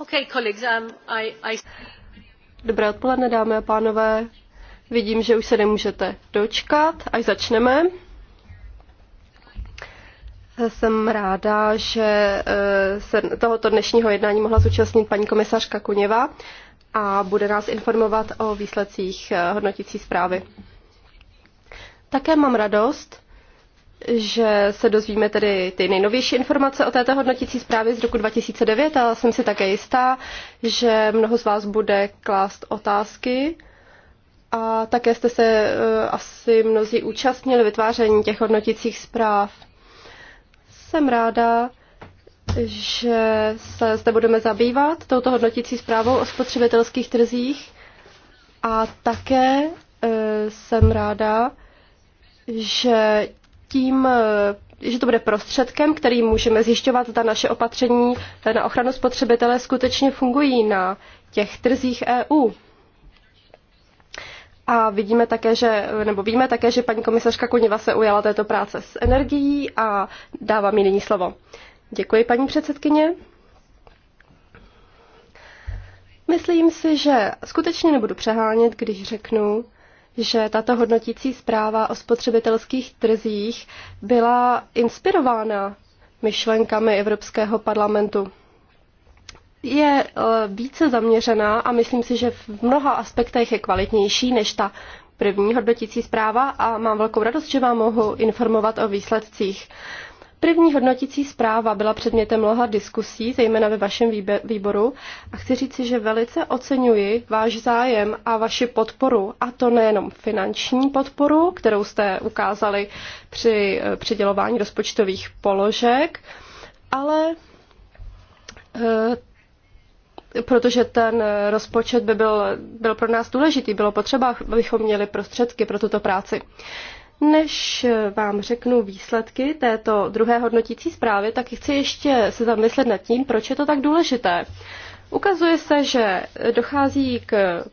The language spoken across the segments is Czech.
Um, Dobré odpoledne, dámy a pánové. Vidím, že už se nemůžete dočkat, až začneme. Jsem ráda, že eh, se tohoto dnešního jednání mohla zúčastnit paní komisařka Kuněva a bude nás informovat o výsledcích eh, hodnotící zprávy. Také mám radost, že se dozvíme tedy ty nejnovější informace o této hodnotící zprávě z roku 2009 a jsem si také jistá, že mnoho z vás bude klást otázky. A také jste se e, asi mnozí účastnili vytváření těch hodnotících zpráv. Jsem ráda, že se zde budeme zabývat touto hodnotící zprávou o spotřebitelských trzích a také e, jsem ráda, že tím, eh, že to bude prostředkem, který můžeme zjišťovat, zda naše opatření na ochranu spotřebitele skutečně fungují na těch trzích EU. A vidíme také, že, nebo víme také, že paní komisařka Koněva se ujala této práce s energií a dávám jí nyní slovo. Děkuji, paní předsedkyně. Myslím si, že skutečně nebudu přehánět, když řeknu, že tato hodnotící zpráva o spotřebitelských trzích byla inspirována myšlenkami Evropského parlamentu. Je e, více zaměřená a myslím si, že v mnoha aspektech je kvalitnější než ta první hodnotící zpráva a mám velkou radost, že vám mohu informovat o výsledcích. První hodnotící zpráva byla předmětem mnoha diskusí, zejména ve vašem výboru, a chci říci, že velice oceňuji váš zájem a vaši podporu, a to nejenom finanční podporu, kterou jste ukázali při eh, přidělování rozpočtových položek, ale eh, protože ten rozpočet by byl, byl pro nás důležitý, bylo potřeba, abychom měli prostředky pro tuto práci. Než eh, vám řeknu výsledky této druhé hodnotící zprávy, tak chci ještě se zamyslet nad tím, proč je to tak důležité. Ukazuje se, že dochází k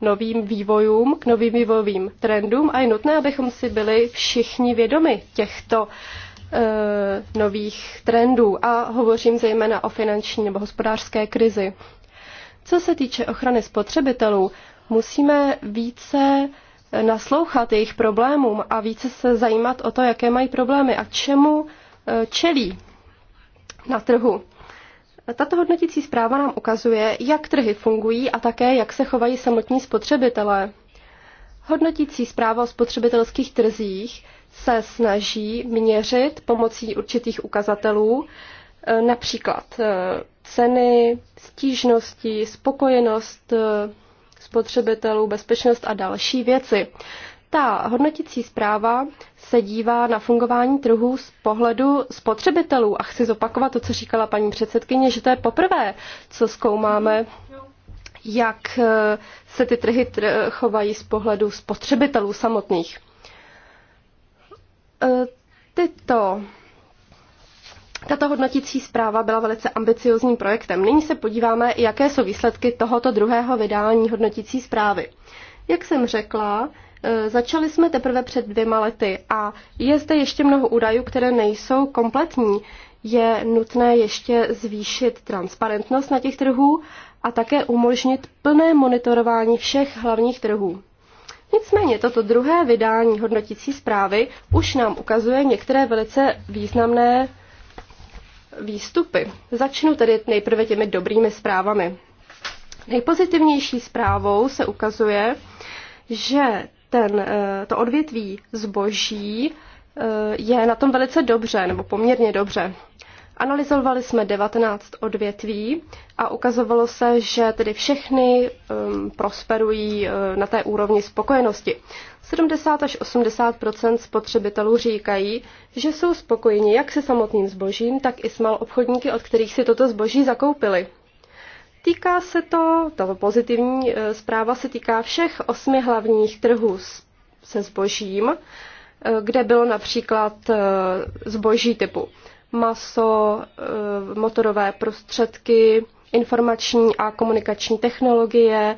novým vývojům, k novým vývojovým trendům a je nutné, abychom si byli všichni vědomi těchto uh, nových trendů a hovořím zejména o finanční nebo hospodářské krizi. Co se týče ochrany spotřebitelů, musíme více naslouchat jejich problémům a více se zajímat o to, jaké mají problémy a čemu eh, čelí na trhu. Tato hodnotící zpráva nám ukazuje, jak trhy fungují a také, jak se chovají samotní spotřebitelé. Hodnotící zpráva o spotřebitelských trzích se snaží měřit pomocí určitých ukazatelů, eh, například eh, ceny, stížnosti, spokojenost spotřebitelů, bezpečnost a další věci. Ta hodnotící zpráva se dívá na fungování trhu z pohledu spotřebitelů a chci zopakovat to, co říkala paní předsedkyně, že to je poprvé, co zkoumáme jak eh, se ty trhy chovají z pohledu spotřebitelů samotných. Eh, tyto tato hodnotící zpráva byla velice ambiciozním projektem. Nyní se podíváme, jaké jsou výsledky tohoto druhého vydání hodnotící zprávy. Jak jsem řekla, e, začali jsme teprve před dvěma lety a je zde ještě mnoho údajů, které nejsou kompletní. Je nutné ještě zvýšit transparentnost na těch trhů a také umožnit plné monitorování všech hlavních trhů. Nicméně toto druhé vydání hodnotící zprávy už nám ukazuje některé velice významné výstupy. Začnu tedy nejprve těmi dobrými zprávami. Nejpozitivnější zprávou se ukazuje, že ten, eh, to odvětví zboží eh, je na tom velice dobře, nebo poměrně dobře. Analyzovali jsme 19 odvětví a ukazovalo se, že tedy všechny um, prosperují eh, na té úrovni spokojenosti. 70 až 80 spotřebitelů říkají, že jsou spokojeni jak se samotným zbožím, tak i s mal obchodníky, od kterých si toto zboží zakoupili. Týká se to, ta pozitivní e, zpráva se týká všech osmi hlavních trhů se zbožím, e, kde bylo například e, zboží typu maso, motorové prostředky, informační a komunikační technologie,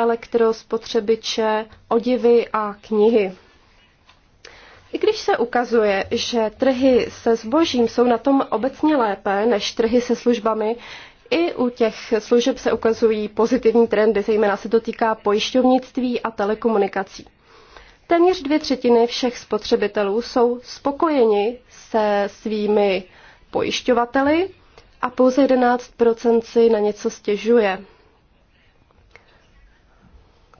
elektrospotřebiče, odivy a knihy. I když se ukazuje, že trhy se zbožím jsou na tom obecně lépe než trhy se službami, i u těch služeb se ukazují pozitivní trendy, zejména se to týká pojišťovnictví a telekomunikací. Téměř dvě třetiny všech spotřebitelů jsou spokojeni se svými pojišťovateli a pouze 11 si na něco stěžuje.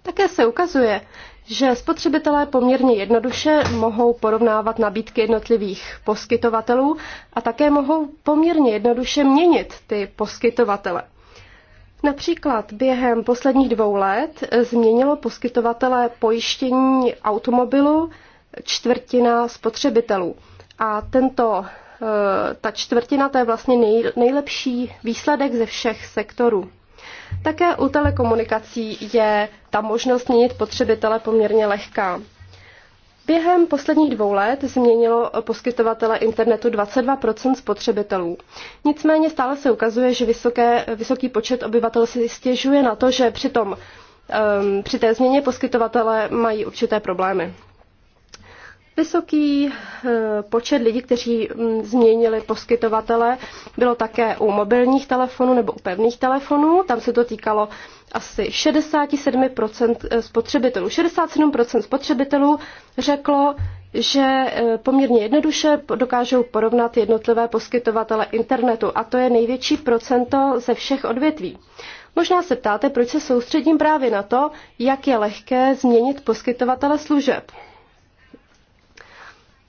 Také se ukazuje, že spotřebitelé poměrně jednoduše mohou porovnávat nabídky jednotlivých poskytovatelů a také mohou poměrně jednoduše měnit ty poskytovatele. Například během posledních dvou let změnilo poskytovatele pojištění automobilu čtvrtina spotřebitelů. A tento, eh, ta čtvrtina to je vlastně nejlepší výsledek ze všech sektorů. Také u telekomunikací je ta možnost měnit potřebitele poměrně lehká. Během posledních dvou let změnilo poskytovatele internetu 22% spotřebitelů. Nicméně stále se ukazuje, že vysoké, vysoký počet obyvatel si stěžuje na to, že při, tom, um, ehm, při té změně poskytovatele mají určité problémy. Vysoký eh, počet lidí, kteří mm, změnili poskytovatele, bylo také u mobilních telefonů nebo u pevných telefonů. Tam se to týkalo asi 67% eh, spotřebitelů. 67% spotřebitelů řeklo, že eh, poměrně jednoduše dokážou porovnat jednotlivé poskytovatele internetu a to je největší procento ze všech odvětví. Možná se ptáte, proč se soustředím právě na to, jak je lehké změnit poskytovatele služeb.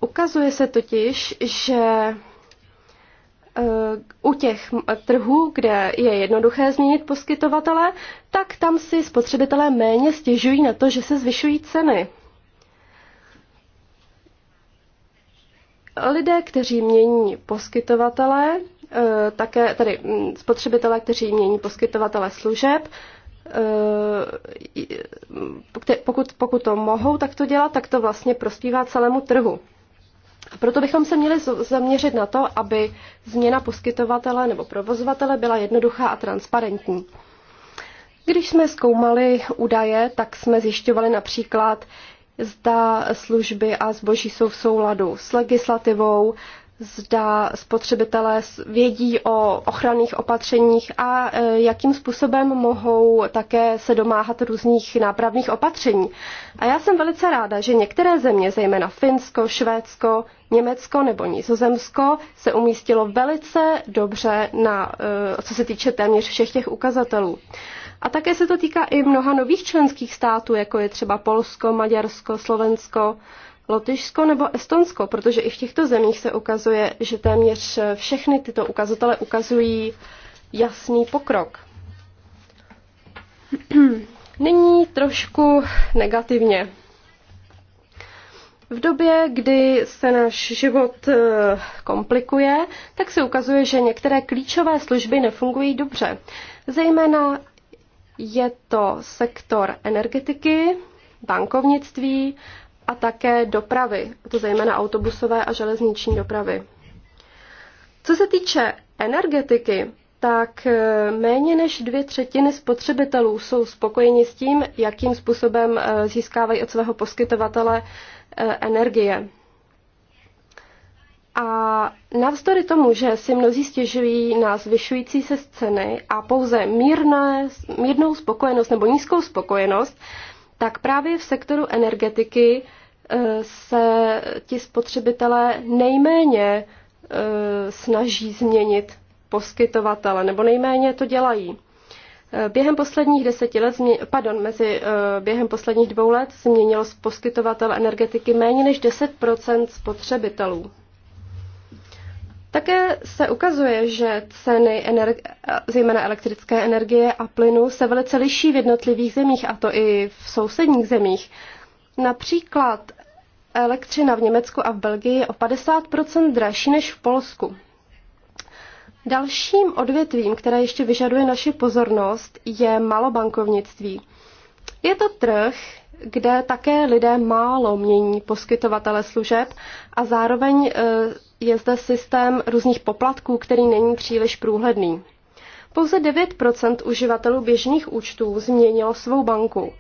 Ukazuje se totiž, že eh, u těch trhů, kde je jednoduché změnit poskytovatele, tak tam si spotřebitelé méně stěžují na to, že se zvyšují ceny. Lidé, kteří mění poskytovatele, eh, také tedy mm, spotřebitelé, kteří mění poskytovatele služeb, eh, pokud, pokud to mohou takto dělat, tak to vlastně prospívá celému trhu. Proto bychom se měli zaměřit na to, aby změna poskytovatele nebo provozovatele byla jednoduchá a transparentní. Když jsme zkoumali údaje, tak jsme zjišťovali například, zda služby a zboží jsou v souladu s legislativou, zda spotřebitelé vědí o ochranných opatřeních a e, jakým způsobem mohou také se domáhat různých nápravných opatření. A já jsem velice ráda, že některé země, zejména Finsko, Švédsko, Německo nebo Nizozemsko, se umístilo velice dobře na, e, co se týče téměř všech těch ukazatelů. A také se to týká i mnoha nových členských států, jako je třeba Polsko, Maďarsko, Slovensko, Lotyšsko nebo Estonsko, protože i v těchto zemích se ukazuje, že téměř všechny tyto ukazatele ukazují jasný pokrok. Nyní trošku negativně. V době, kdy se náš život eh, komplikuje, tak se ukazuje, že některé klíčové služby nefungují dobře. Zejména je to sektor energetiky, bankovnictví a také dopravy, to zejména autobusové a železniční dopravy. Co se týče energetiky, tak e, méně než dvě třetiny spotřebitelů jsou spokojeni s tím, jakým způsobem e, získávají od svého poskytovatele e, energie. A navzdory tomu, že si mnozí stěžují na zvyšující se ceny a pouze mírné, mírnou spokojenost nebo nízkou spokojenost, tak právě v sektoru energetiky se ti spotřebitelé nejméně e, snaží změnit poskytovatele, nebo nejméně to dělají. E, během posledních deseti let, pardon, mezi e, během posledních dvou let změnilo poskytovatel energetiky méně než 10 spotřebitelů. Také se ukazuje, že ceny energi- zejména elektrické energie a plynu se velice liší v jednotlivých zemích, a to i v sousedních zemích. Například elektřina v Německu a v Belgii je o 50 dražší než v Polsku. Dalším odvětvím, které ještě vyžaduje naši pozornost, je malobankovnictví. Je to trh, kde také lidé málo mění poskytovatele služeb a zároveň e, je zde systém různých poplatků, který není příliš průhledný. Pouze 9 uživatelů běžných účtů změnilo svou banku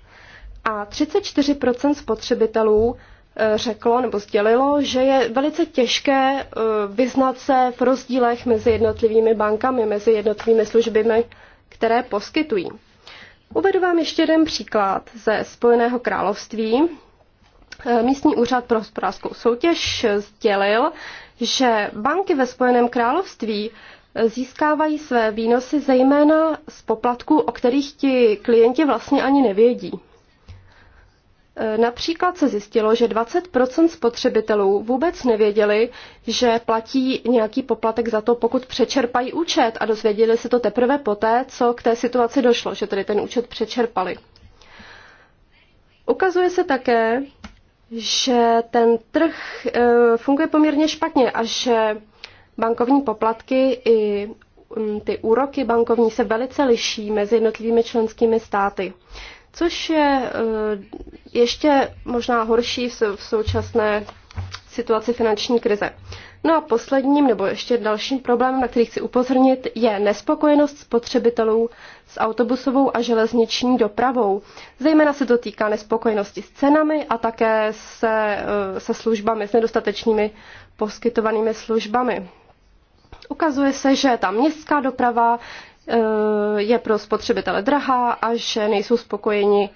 a 34 spotřebitelů Eh, řeklo nebo sdělilo, že je velice těžké eh, vyznat se v rozdílech mezi jednotlivými bankami, mezi jednotlivými službami, které poskytují. Uvedu vám ještě jeden příklad ze Spojeného království. Eh, místní úřad pro hospodářskou soutěž sdělil, že banky ve Spojeném království získávají své výnosy zejména z poplatků, o kterých ti klienti vlastně ani nevědí. Například se zjistilo, že 20 spotřebitelů vůbec nevěděli, že platí nějaký poplatek za to, pokud přečerpají účet a dozvěděli se to teprve poté, co k té situaci došlo, že tedy ten účet přečerpali. Ukazuje se také, že ten trh eh, funguje poměrně špatně a že bankovní poplatky i mm, ty úroky bankovní se velice liší mezi jednotlivými členskými státy což je eh, ještě možná horší v současné situaci finanční krize. No a posledním nebo ještě dalším problémem, na který chci upozornit, je nespokojenost spotřebitelů s autobusovou a železniční dopravou. Zejména se to týká nespokojenosti s cenami a také se, eh, se službami, s nedostatečnými poskytovanými službami. Ukazuje se, že ta městská doprava Eh, je pro spotřebitele drahá a že nejsou spokojeni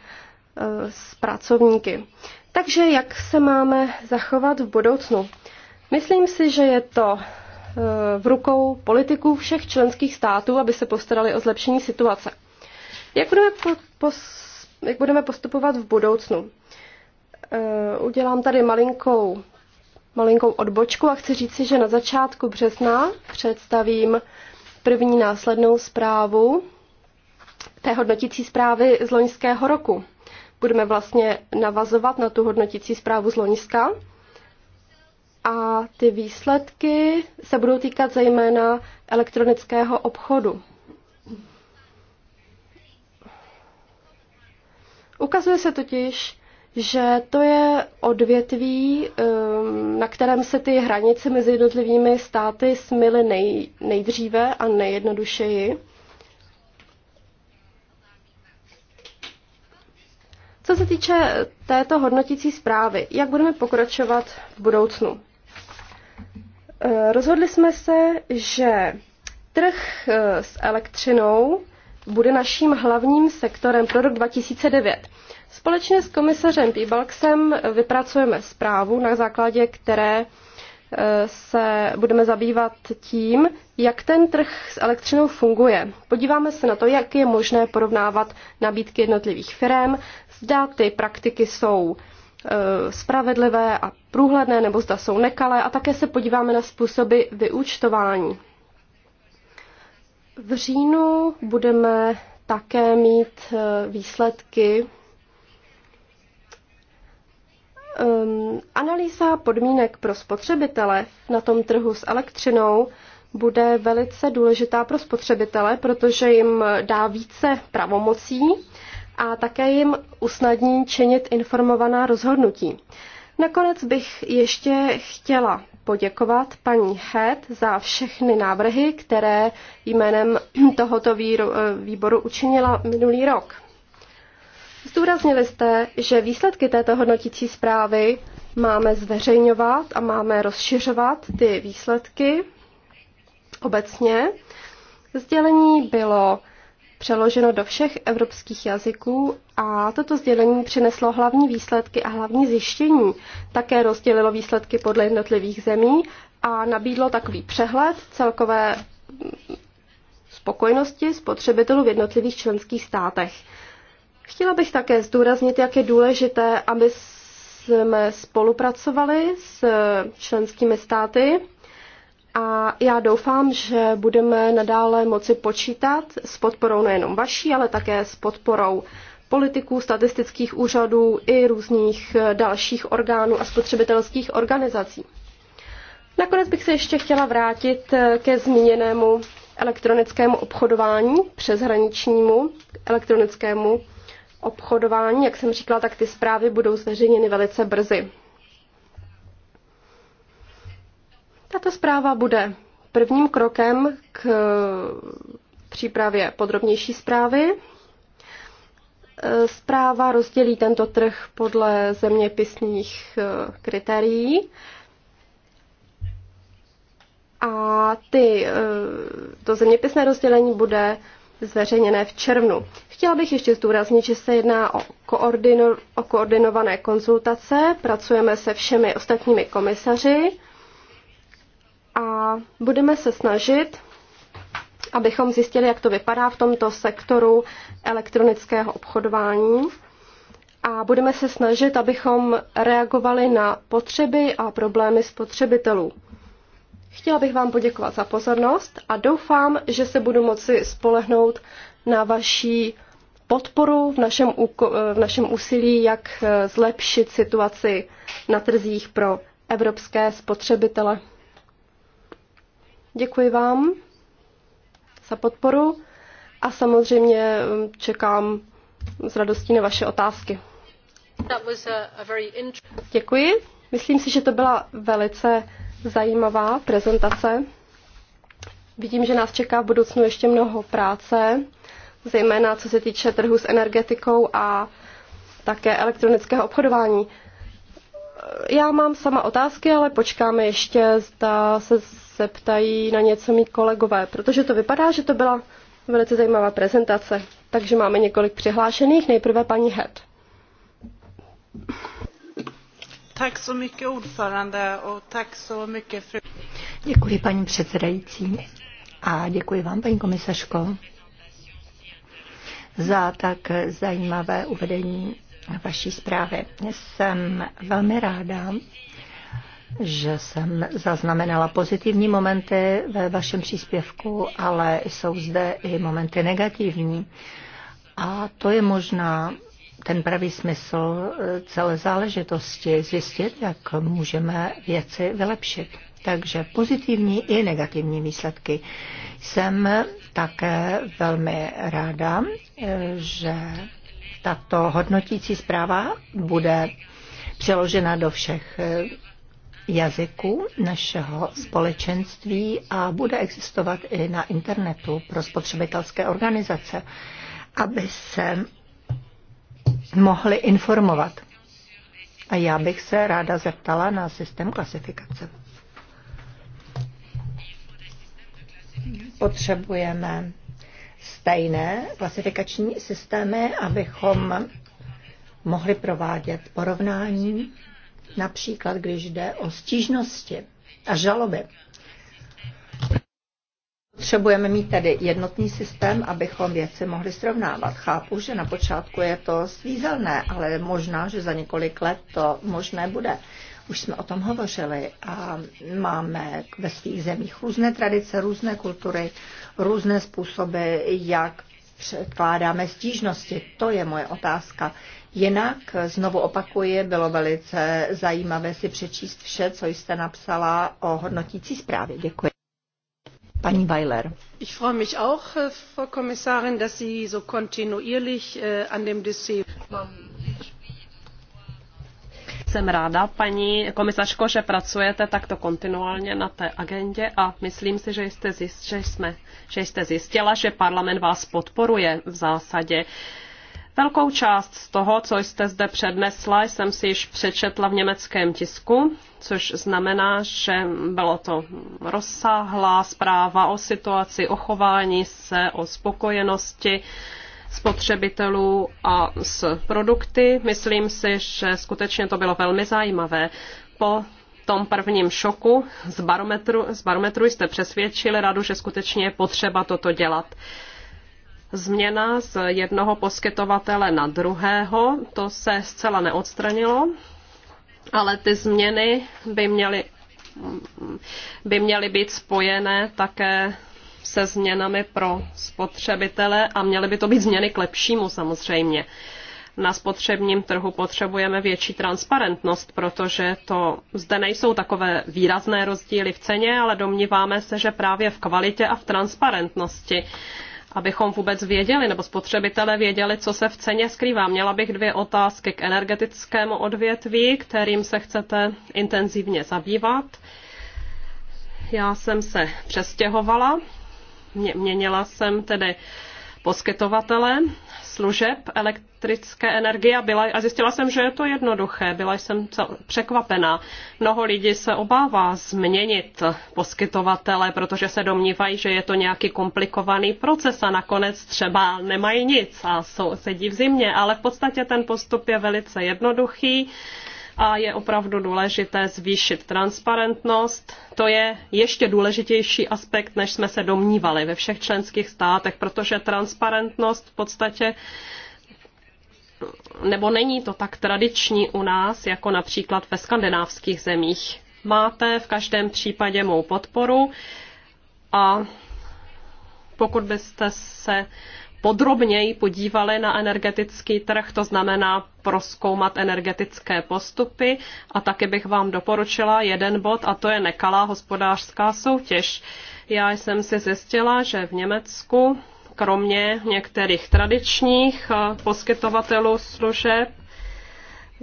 eh, s pracovníky. Takže jak se máme zachovat v budoucnu? Myslím si, že je to eh, v rukou politiků všech členských států, aby se postarali o zlepšení situace. Jak budeme, po, pos, jak budeme postupovat v budoucnu? Udělám tady malinkou, malinkou odbočku a chci říci, že na začátku března představím první následnou zprávu té hodnotící zprávy z loňského roku. Budeme vlastně navazovat na tu hodnotící zprávu z loňska. A ty výsledky se budou týkat zejména elektronického obchodu. Ukazuje se totiž, že to je odvětví, um, na kterém se ty hranice mezi jednotlivými státy smily nej, nejdříve a nejjednodušeji. Co se týče této hodnotící zprávy, jak budeme pokračovat v budoucnu? Rozhodli jsme se, že trh eh, s elektřinou bude naším hlavním sektorem pro rok 2009. Společně s komisařem Pibalksem vypracujeme zprávu, na základě které e, se budeme zabývat tím, jak ten trh s elektřinou funguje. Podíváme se na to, jak je možné porovnávat nabídky jednotlivých firm, zda ty praktiky jsou e, spravedlivé a průhledné, nebo zda jsou nekalé, a také se podíváme na způsoby vyúčtování. V říjnu budeme také mít e, výsledky um, analýza podmínek pro spotřebitele na tom trhu s elektřinou bude velice důležitá pro spotřebitele, protože jim dá více pravomocí a také jim usnadní činit informovaná rozhodnutí. Nakonec bych ještě chtěla poděkovat paní Head za všechny návrhy, které jménem tohoto eh, výboru učinila minulý rok. Zdůraznili jste, že výsledky této hodnotící zprávy máme zveřejňovat a máme rozšiřovat ty výsledky obecně. Sdělení bylo přeloženo do všech evropských jazyků a toto sdělení přineslo hlavní výsledky a hlavní zjištění. Také rozdělilo výsledky podle jednotlivých zemí a nabídlo takový přehled celkové spokojenosti spotřebitelů v jednotlivých členských státech. Chtěla bych také zdůraznit, jak je důležité, aby jsme spolupracovali s členskými státy a já doufám, že budeme nadále moci počítat s podporou nejenom vaší, ale také s podporou politiků, statistických úřadů i různých dalších orgánů a spotřebitelských organizací. Nakonec bych se ještě chtěla vrátit ke zmíněnému elektronickému obchodování, přeshraničnímu elektronickému obchodování, jak jsem říkala, tak ty zprávy budou zveřejněny velice brzy. Tato zpráva bude prvním krokem k přípravě podrobnější zprávy. Zpráva rozdělí tento trh podle zeměpisných eh, kritérií. A ty, eh, to zeměpisné rozdělení bude zveřejněné v červnu. Chtěla bych ještě zdůraznit, že se jedná o, koordino, o koordinované konzultace, pracujeme se všemi ostatními komisaři a budeme se snažit, abychom zjistili, jak to vypadá v tomto sektoru elektronického obchodování a budeme se snažit, abychom reagovali na potřeby a problémy spotřebitelů. Chtěla bych vám poděkovat za pozornost a doufám, že se budu moci spolehnout na vaší podporu v našem, v našem úsilí, jak eh, zlepšit situaci na trzích pro evropské spotřebitele. Děkuji vám za podporu a samozřejmě hm, čekám s radostí na vaše otázky. Děkuji. Myslím si, že to byla velice zajímavá prezentace. Vidím, že nás čeká v budoucnu ještě mnoho práce, zejména co se týče trhu s energetikou a také elektronického obchodování. Já mám sama otázky, ale počkáme ještě, zda se zeptají na něco mý kolegové, protože to vypadá, že to byla velice zajímavá prezentace. Takže máme několik přihlášených. Nejprve paní Head. Děkuji, paní předsedající. A děkuji vám, paní komisařko, za tak zajímavé uvedení vaší zprávy. Jsem velmi ráda, že jsem zaznamenala pozitivní momenty ve vašem příspěvku, ale jsou zde i momenty negativní. A to je možná ten pravý smysl e, celé záležitosti, zjistit, jak můžeme věci vylepšit. Takže pozitivní i negativní výsledky. Jsem také velmi ráda, e, že tato hodnotící zpráva bude přeložena do všech e, jazyků našeho společenství a bude existovat i na internetu pro spotřebitelské organizace, aby se mohli informovat. A já bych se ráda zeptala na systém klasifikace. Potřebujeme stejné klasifikační systémy, abychom mohli provádět porovnání, například když jde o stížnosti a žaloby. Potřebujeme mít tedy jednotný systém, abychom věci mohli srovnávat. Chápu, že na počátku je to svízelné, ale možná, že za několik let to možné bude. Už jsme o tom hovořili a máme ve svých zemích různé tradice, různé kultury, různé způsoby, jak předkládáme stížnosti. To je moje otázka. Jinak, znovu opakuji, bylo velice zajímavé si přečíst vše, co jste napsala o hodnotící zprávě. Děkuji. Paní Weiler. Ich freue mich auch, äh, Frau Kommissarin, dass Sie so kontinuierlich äh, an dem Dossier jsem ráda, paní komisařko, že pracujete takto kontinuálně na té agendě a myslím si, že jste, zjist, že jsme, že jste zjistila, že parlament vás podporuje v zásadě. Uh, Velkou část z toho, co jste zde přednesla, jsem si již přečetla v německém tisku, což znamená, že bylo to rozsáhlá zpráva o situaci, o chování se, o spokojenosti spotřebitelů a s produkty. Myslím si, že skutečně to bylo velmi zajímavé. Po tom prvním šoku z barometru, z barometru jste přesvědčili radu, že skutečně je potřeba toto dělat. Změna z jednoho poskytovatele na druhého, to se zcela neodstranilo, ale ty změny by měly, by měly být spojené také se změnami pro spotřebitele a měly by to být změny k lepšímu samozřejmě. Na spotřebním trhu potřebujeme větší transparentnost, protože to zde nejsou takové výrazné rozdíly v ceně, ale domníváme se, že právě v kvalitě a v transparentnosti abychom vůbec věděli, nebo spotřebitelé věděli, co se v ceně skrývá. Měla bych dvě otázky k energetickému odvětví, kterým se chcete intenzivně zabývat. Já jsem se přestěhovala, měnila jsem tedy uh, poskytovatele služeb elektrické energie a, byla, a zjistila jsem, že je to jednoduché. Byla jsem překvapená. Mnoho lidí se obává změnit poskytovatele, protože se domnívají, že je to nějaký komplikovaný proces a nakonec třeba nemají nic a jsou, sedí v zimě, ale v podstatě ten postup je velice jednoduchý a je opravdu důležité zvýšit transparentnost. To je ještě důležitější aspekt, než jsme se domnívali ve všech členských státech, protože transparentnost v podstatě nebo není to tak tradiční u nás, jako například ve skandinávských zemích. Máte v každém případě mou podporu a pokud byste se podrobněji podívali na energetický trh, to znamená proskoumat energetické postupy a taky bych vám doporučila jeden bod a to je nekalá hospodářská soutěž. Já jsem si zjistila, že v Německu kromě některých tradičních eh, poskytovatelů služeb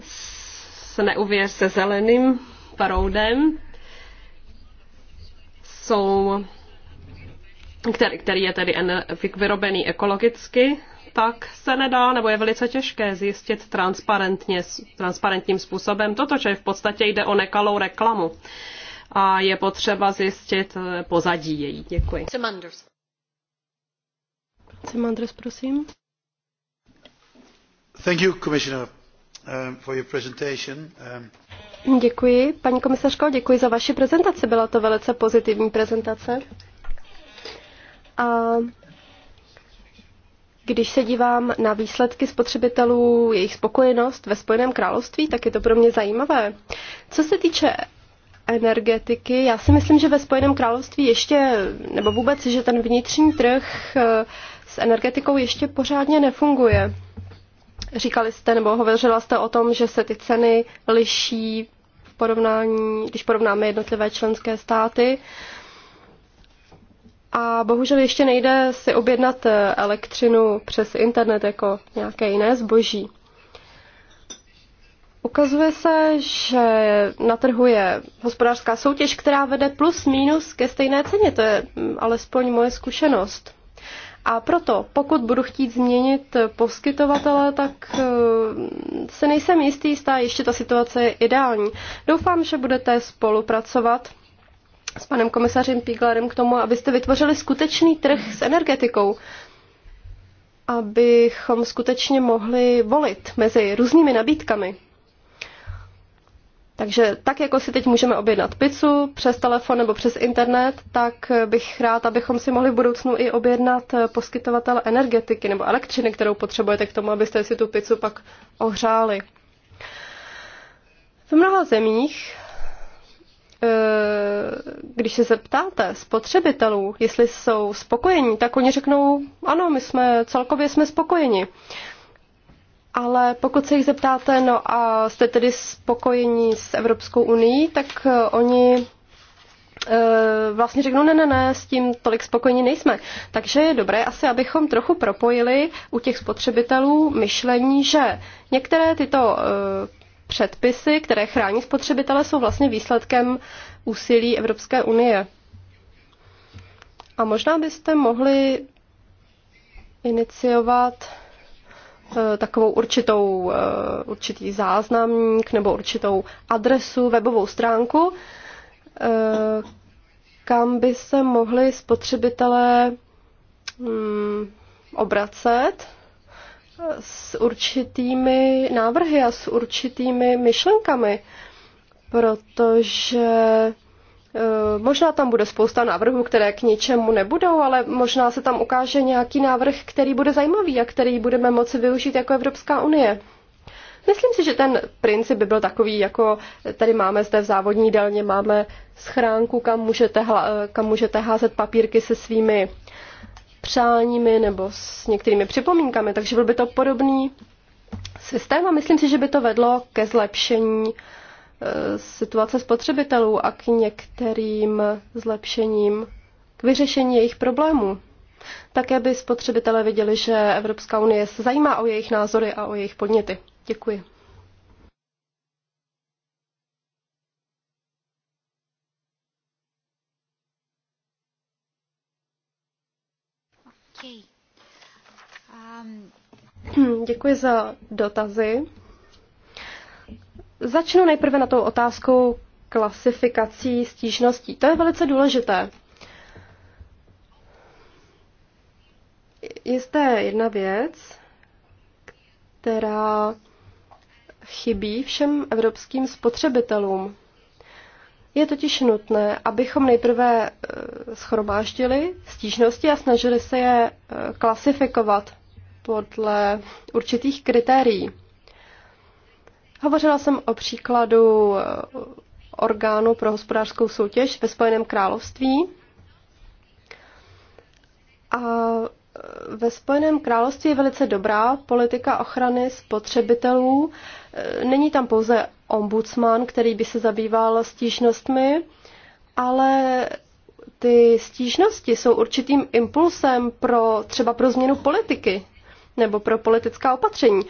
s neuvěř se zeleným proudem jsou který, který je tedy vyrobený ekologicky, tak se nedá, nebo je velice těžké zjistit transparentně, transparentním způsobem toto, že v podstatě jde o nekalou reklamu. A je potřeba zjistit eh, pozadí její. Děkuji. Simandres, Semanders, prosím. Thank you, Commissioner, um, for your presentation. Um, děkuji, paní komisařko, děkuji za vaši prezentaci. Byla to velice pozitivní prezentace a když se dívám na výsledky spotřebitelů, jejich spokojenost ve Spojeném království, tak je to pro mě zajímavé. Co se týče energetiky, já si myslím, že ve Spojeném království ještě, nebo vůbec, že ten vnitřní trh eh, s energetikou ještě pořádně nefunguje. Říkali jste, nebo hovořila jste o tom, že se ty ceny liší v porovnání, když porovnáme jednotlivé členské státy. Uh, a bohužel ještě nejde si objednat eh, elektřinu přes internet jako nějaké jiné zboží. Ukazuje se, že na trhu je hospodářská soutěž, která vede plus minus ke stejné ceně. To je mm, alespoň moje zkušenost. A proto, pokud budu chtít změnit poskytovatele, tak eh, se nejsem jistý, jestli ještě ta situace je ideální. Doufám, že budete spolupracovat s panem komisařem Píglarem k tomu, abyste vytvořili skutečný trh s energetikou, abychom skutečně mohli volit mezi různými nabídkami. Takže tak, jako si teď můžeme objednat pizzu přes telefon nebo přes internet, tak bych rád, abychom si mohli v budoucnu i objednat poskytovatel energetiky nebo elektřiny, kterou potřebujete k tomu, abyste si tu pizzu pak ohřáli. V mnoha zemích Eh, když se zeptáte spotřebitelů, jestli jsou spokojení, tak oni řeknou, ano, my jsme celkově jsme spokojeni. Ale pokud se jich zeptáte, no a jste tedy spokojení s Evropskou unii, tak eh, oni eh, vlastně řeknou, ne, ne, ne, s tím tolik spokojení nejsme. Takže je dobré asi, abychom trochu propojili u těch spotřebitelů myšlení, že některé tyto předpisy, které chrání spotřebitele, jsou vlastně výsledkem úsilí Evropské unie. A možná byste mohli iniciovat eh, takovou určitou, eh, určitý záznamník nebo určitou adresu, webovou stránku, eh, kam by se mohli spotřebitelé hm, obracet s určitými návrhy a s určitými myšlenkami, protože e, Možná tam bude spousta návrhů, které k ničemu nebudou, ale možná se tam ukáže nějaký návrh, který bude zajímavý a který budeme moci využít jako Evropská unie. Myslím si, že ten princip by byl takový, jako tady máme zde v závodní delně, máme schránku, kam můžete, kam můžete házet papírky se svými přáními nebo s některými připomínkami, takže byl by to podobný systém a myslím si, že by to vedlo ke zlepšení e, situace spotřebitelů a k některým zlepšením, k vyřešení jejich problémů. Také by spotřebitelé viděli, že Evropská unie se zajímá o jejich názory a o jejich podněty. Děkuji. Um, děkuji za dotazy. Začnu nejprve na tou otázkou klasifikací stížností. To je velice důležité. Je zde jedna věc, která chybí všem evropským spotřebitelům. Je totiž nutné, abychom nejprve eh, schromáždili stížnosti a snažili se je eh, klasifikovat podle určitých kritérií. Hovořila jsem o příkladu eh, orgánu pro hospodářskou soutěž ve Spojeném království. A ve Spojeném království je velice dobrá politika ochrany spotřebitelů. Není tam pouze ombudsman, který by se zabýval stížnostmi, ale ty stížnosti jsou určitým impulsem pro třeba pro změnu politiky nebo pro politická opatření.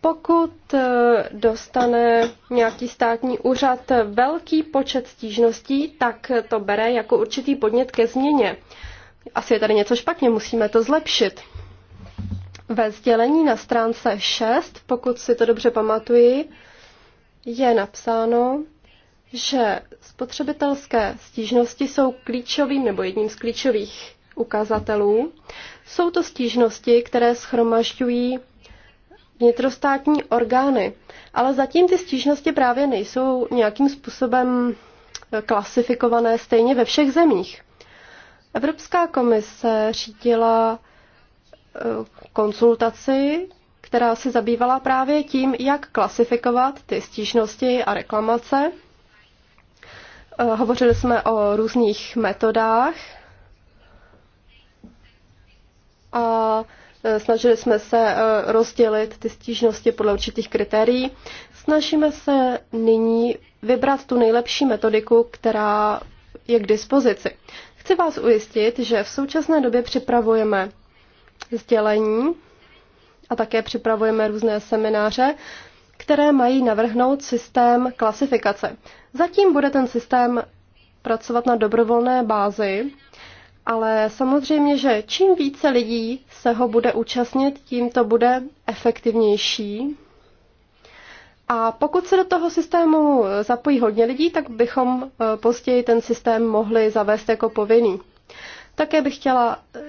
Pokud eh, dostane nějaký státní úřad velký počet stížností, tak to bere jako určitý podnět ke změně. Asi je tady něco špatně, musíme to zlepšit. Ve sdělení na stránce 6, pokud si to dobře pamatuji, je napsáno, že spotřebitelské stížnosti jsou klíčovým nebo jedním z klíčových ukazatelů. Jsou to stížnosti, které schromažďují vnitrostátní orgány, ale zatím ty stížnosti právě nejsou nějakým způsobem eh, klasifikované stejně ve všech zemích. Evropská komise řídila eh, konsultaci která se zabývala právě tím, jak klasifikovat ty stížnosti a reklamace. Eh, hovořili jsme o různých metodách a eh, snažili jsme se eh, rozdělit ty stížnosti podle určitých kritérií. Snažíme se nyní vybrat tu nejlepší metodiku, která je k dispozici. Chci vás ujistit, že v současné době připravujeme sdělení a také připravujeme různé semináře, které mají navrhnout systém klasifikace. Zatím bude ten systém pracovat na dobrovolné bázi, ale samozřejmě, že čím více lidí se ho bude účastnit, tím to bude efektivnější. A pokud se do toho systému zapojí hodně lidí, tak bychom e, později ten systém mohli zavést jako povinný. Také bych chtěla e,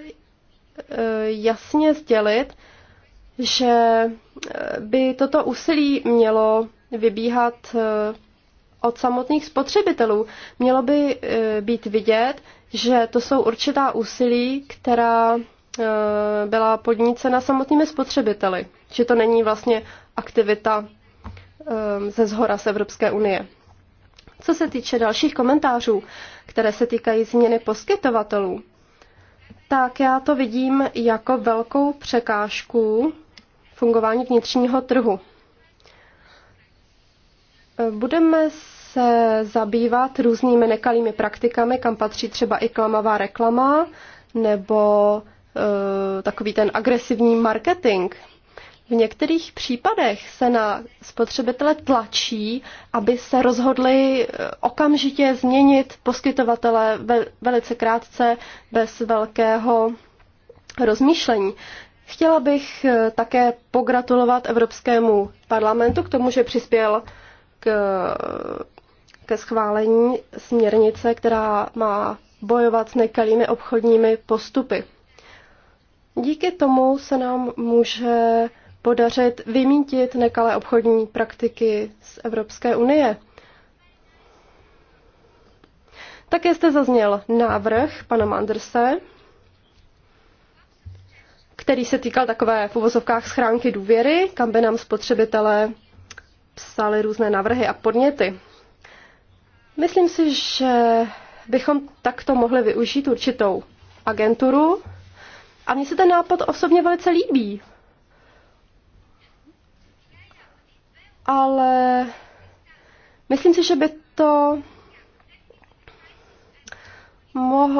e, jasně sdělit, že eh, by toto úsilí mělo vybíhat eh, od samotných spotřebitelů. Mělo by eh, být vidět, že to jsou určitá úsilí, která byla podnícena samotnými spotřebiteli, že to není vlastně aktivita ze zhora z Evropské unie. Co se týče dalších komentářů, které se týkají změny poskytovatelů, tak já to vidím jako velkou překážku fungování vnitřního trhu. Budeme se zabývat různými nekalými praktikami, kam patří třeba i klamavá reklama nebo e, takový ten agresivní marketing. V některých případech se na spotřebitele tlačí, aby se rozhodli eh, okamžitě změnit poskytovatele ve, velice krátce bez velkého rozmýšlení. Chtěla bych eh, také pogratulovat Evropskému parlamentu k tomu, že přispěl k, eh, ke schválení směrnice, která má bojovat s nekalými obchodními postupy. Díky tomu se nám může podařit vymítit nekalé obchodní praktiky z Evropské unie. Také jste zazněl návrh pana Manderse, který se týkal takové v uvozovkách schránky důvěry, kam by nám spotřebitelé psali různé návrhy a podněty. Myslím si, že bychom takto mohli využít určitou agenturu a mně se ten nápad osobně velice líbí. Ale myslím si, že by to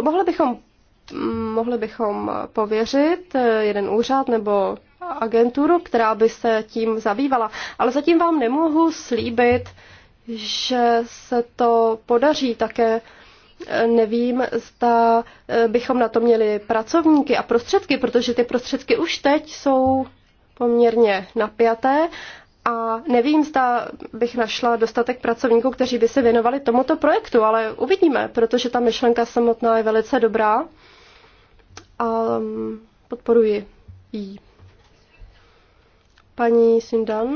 mohli bychom mohli bychom pověřit eh, jeden úřad nebo agenturu, která by se tím zabývala. Ale zatím vám nemohu slíbit, že se to podaří také. Eh, nevím, zda eh, bychom na to měli pracovníky a prostředky, protože ty prostředky už teď jsou poměrně napjaté a nevím, zda bych našla dostatek pracovníků, kteří by se věnovali tomuto projektu, ale uvidíme, protože ta myšlenka samotná je velice dobrá a mm, podporuji jí. Paní Sindan.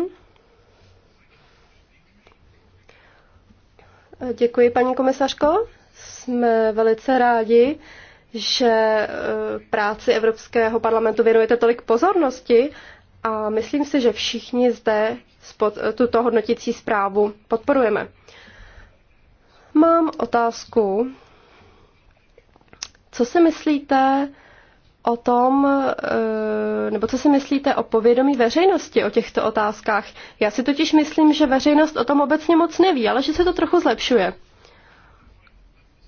Děkuji, paní komisařko. Jsme velice rádi, že e, práci Evropského parlamentu věnujete tolik pozornosti a myslím si, že všichni zde e, tuto hodnotící zprávu podporujeme. Mám otázku. Co si myslíte, o tom, e, nebo co si myslíte o povědomí veřejnosti o těchto otázkách. Já si totiž myslím, že veřejnost o tom obecně moc neví, ale že se to trochu zlepšuje.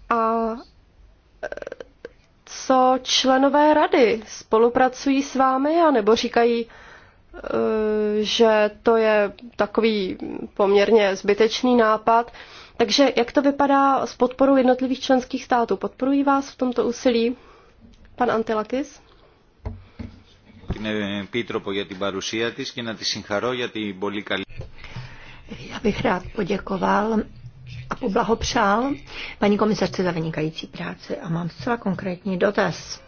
A e, co členové rady spolupracují s vámi, nebo říkají, e, že to je takový poměrně zbytečný nápad. Takže jak to vypadá s podporou jednotlivých členských států? Podporují vás v tomto úsilí? Pan Antilakis. Já bych rád poděkoval a poblahopřál paní komisařce za vynikající práci a mám zcela konkrétní dotaz.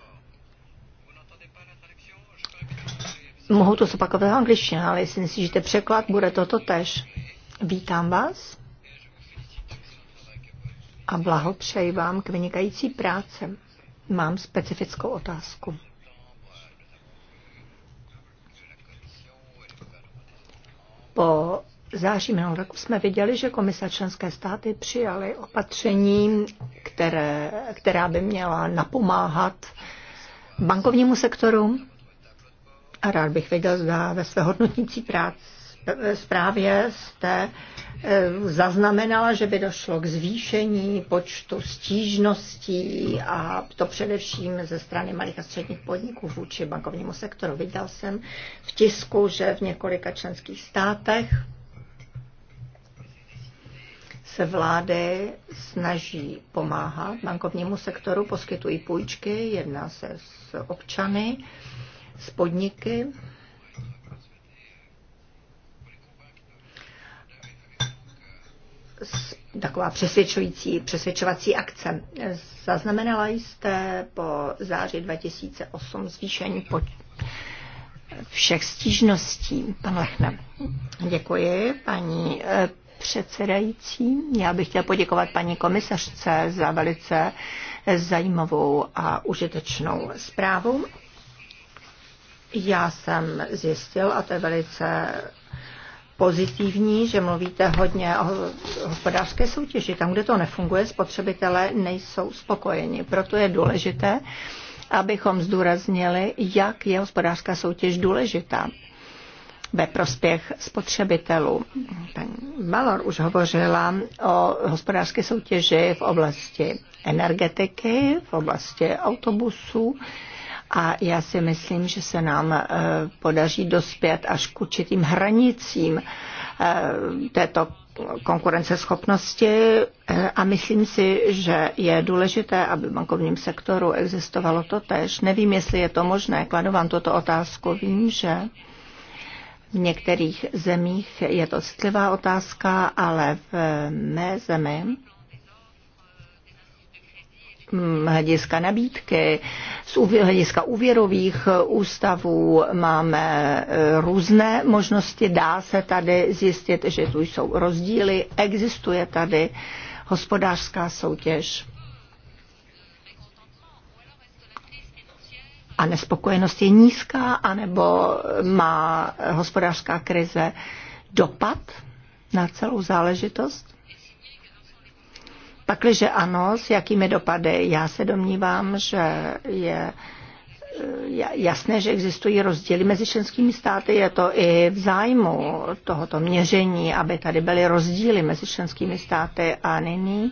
Mohu to zopakovat v angličtině, ale jestli myslíte překlad, bude to totež. Vítám vás a blahopřeji vám k vynikající práci, mám specifickou otázku. Po září minulého roku jsme viděli, že komise členské státy přijaly opatření, které, která by měla napomáhat bankovnímu sektoru. A rád bych věděl, zda ve své hodnotnící práci zprávě jste Eh, zaznamenala, že by došlo k zvýšení počtu stížností a to především ze strany malých a středních podniků vůči bankovnímu sektoru. Viděl jsem v tisku, že v několika členských státech se vlády snaží pomáhat bankovnímu sektoru, poskytují půjčky, jedná se s občany, s podniky taková přesvědčující, přesvědčovací akce. Zaznamenala jste po září 2008 zvýšení pod všech stížností. Pan Lechne. Děkuji, paní eh, předsedající. Já bych chtěla poděkovat paní komisařce za velice eh, zajímavou a užitečnou zprávu. Já jsem zjistil, a to je velice pozitivní, že mluvíte hodně o hospodářské soutěži. Tam, kde to nefunguje, spotřebitelé nejsou spokojeni. Proto je důležité, abychom zdůraznili, jak je hospodářská soutěž důležitá ve prospěch spotřebitelů. Ten Malor už hovořila o hospodářské soutěži v oblasti energetiky, v oblasti autobusů, a já si myslím, že se nám eh, podaří dospět až k určitým hranicím eh, této konkurenceschopnosti eh, a myslím si, že je důležité, aby v bankovním sektoru existovalo to tež. Nevím, jestli je to možné, kladu vám tuto otázku. Vím, že v některých zemích je to citlivá otázka, ale v mé zemi hlediska nabídky, z hlediska úvěrových eh, ústavů máme eh, různé možnosti. Dá se tady zjistit, že tu jsou rozdíly, existuje tady hospodářská soutěž. A nespokojenost je nízká, anebo má hospodářská krize dopad na celou záležitost? Pakliže ano, s jakými dopady? Já se domnívám, že je jasné, že existují rozdíly mezi členskými státy, je to i v zájmu tohoto měření, aby tady byly rozdíly mezi členskými státy a nyní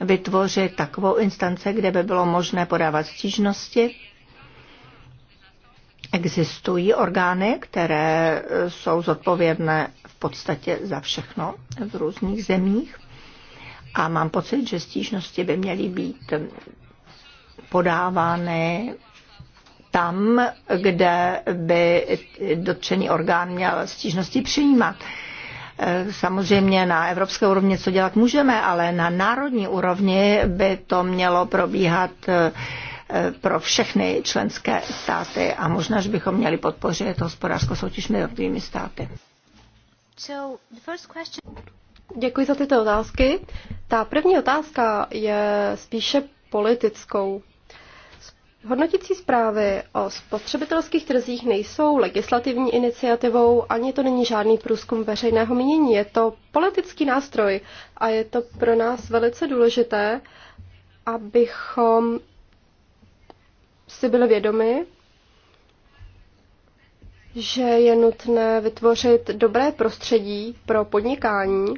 vytvořit takovou instance, kde by bylo možné podávat stížnosti. Existují orgány, které jsou zodpovědné v podstatě za všechno v různých zemích. A mám pocit, že stížnosti by měly být podávány tam, kde by dotčený orgán měl stížnosti přijímat. Samozřejmě na evropské úrovni co dělat můžeme, ale na národní úrovni by to mělo probíhat eh, pro všechny členské státy a možná, že bychom měli podpořit hospodářskou soutěž mezi státy. So, the first question... Děkuji za tyto otázky. Ta první otázka je spíše politickou. Hodnotící zprávy o spotřebitelských trzích nejsou legislativní iniciativou, ani to není žádný průzkum veřejného mínění. Je to politický nástroj a je to pro nás velice důležité, abychom si byli vědomi, že je nutné vytvořit dobré prostředí pro podnikání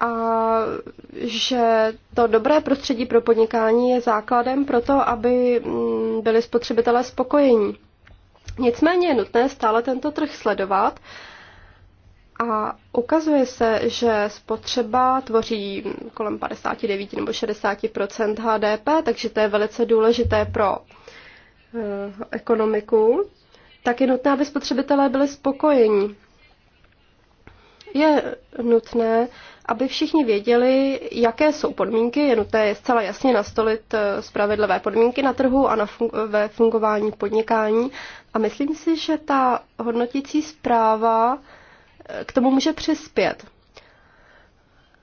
a že to dobré prostředí pro podnikání je základem pro to, aby mm, byli spotřebitelé spokojení. Nicméně je nutné stále tento trh sledovat a ukazuje se, že spotřeba tvoří kolem 59 nebo 60 HDP, takže to je velice důležité pro eh, ekonomiku. Tak je nutné, aby spotřebitelé byli spokojení. Je nutné, aby všichni věděli, jaké jsou podmínky. Je nutné zcela jasně nastolit eh, spravedlivé podmínky na trhu a na fun- ve fungování podnikání. A myslím si, že ta hodnotící zpráva eh, k tomu může přispět.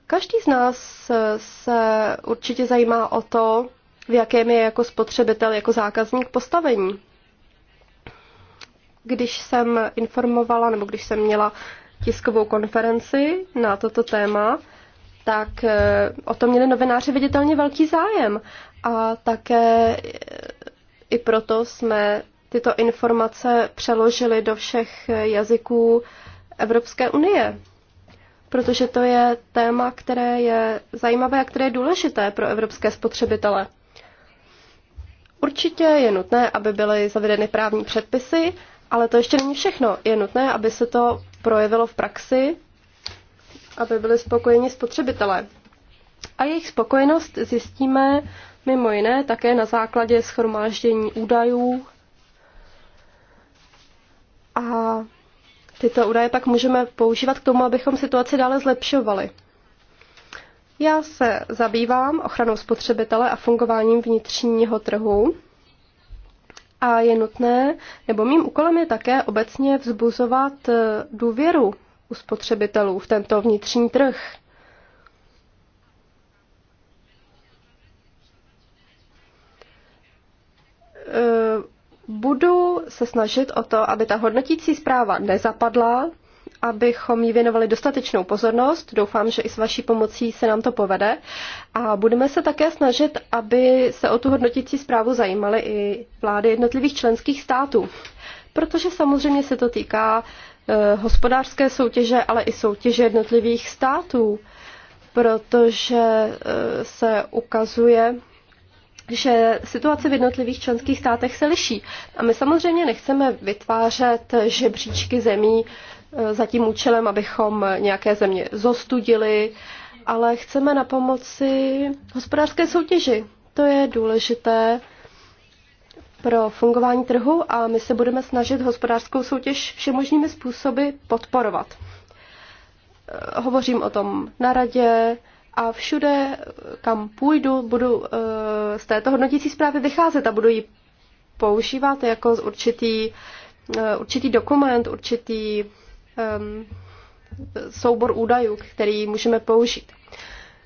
Každý z nás eh, se určitě zajímá o to, v jakém je jako spotřebitel, jako zákazník postavení. Když jsem informovala, nebo když jsem měla tiskovou konferenci na toto téma, tak eh, o to měli novináři viditelně velký zájem. A také eh, i proto jsme tyto informace přeložili do všech jazyků Evropské unie, protože to je téma, které je zajímavé a které je důležité pro evropské spotřebitele. Určitě je nutné, aby byly zavedeny právní předpisy, ale to ještě není všechno. Je nutné, aby se to projevilo v praxi, aby byli spokojeni spotřebitelé. A jejich spokojenost zjistíme mimo jiné také na základě schromáždění údajů a tyto údaje pak můžeme používat k tomu, abychom situaci dále zlepšovali. Já se zabývám ochranou spotřebitele a fungováním vnitřního trhu a je nutné, nebo mým úkolem je také obecně vzbuzovat eh, důvěru u spotřebitelů v tento vnitřní trh. Eh, budu se snažit o to, aby ta hodnotící zpráva nezapadla, abychom jí věnovali dostatečnou pozornost. Doufám, že i s vaší pomocí se nám to povede. A budeme se také snažit, aby se o tu hodnotící zprávu zajímaly i vlády jednotlivých členských států. Protože samozřejmě se to týká e, hospodářské soutěže, ale i soutěže jednotlivých států. Protože e, se ukazuje, že situace v jednotlivých členských státech se liší. A my samozřejmě nechceme vytvářet žebříčky zemí Eh, za tím účelem, abychom nějaké země zostudili, ale chceme na pomoci hospodářské soutěži. To je důležité pro fungování trhu a my se budeme snažit hospodářskou soutěž všemožnými způsoby podporovat. Eh, hovořím o tom na radě a všude, kam půjdu, budu eh, z této hodnotící zprávy vycházet a budu ji používat jako určitý, určitý dokument, určitý um, soubor údajů, který můžeme použít.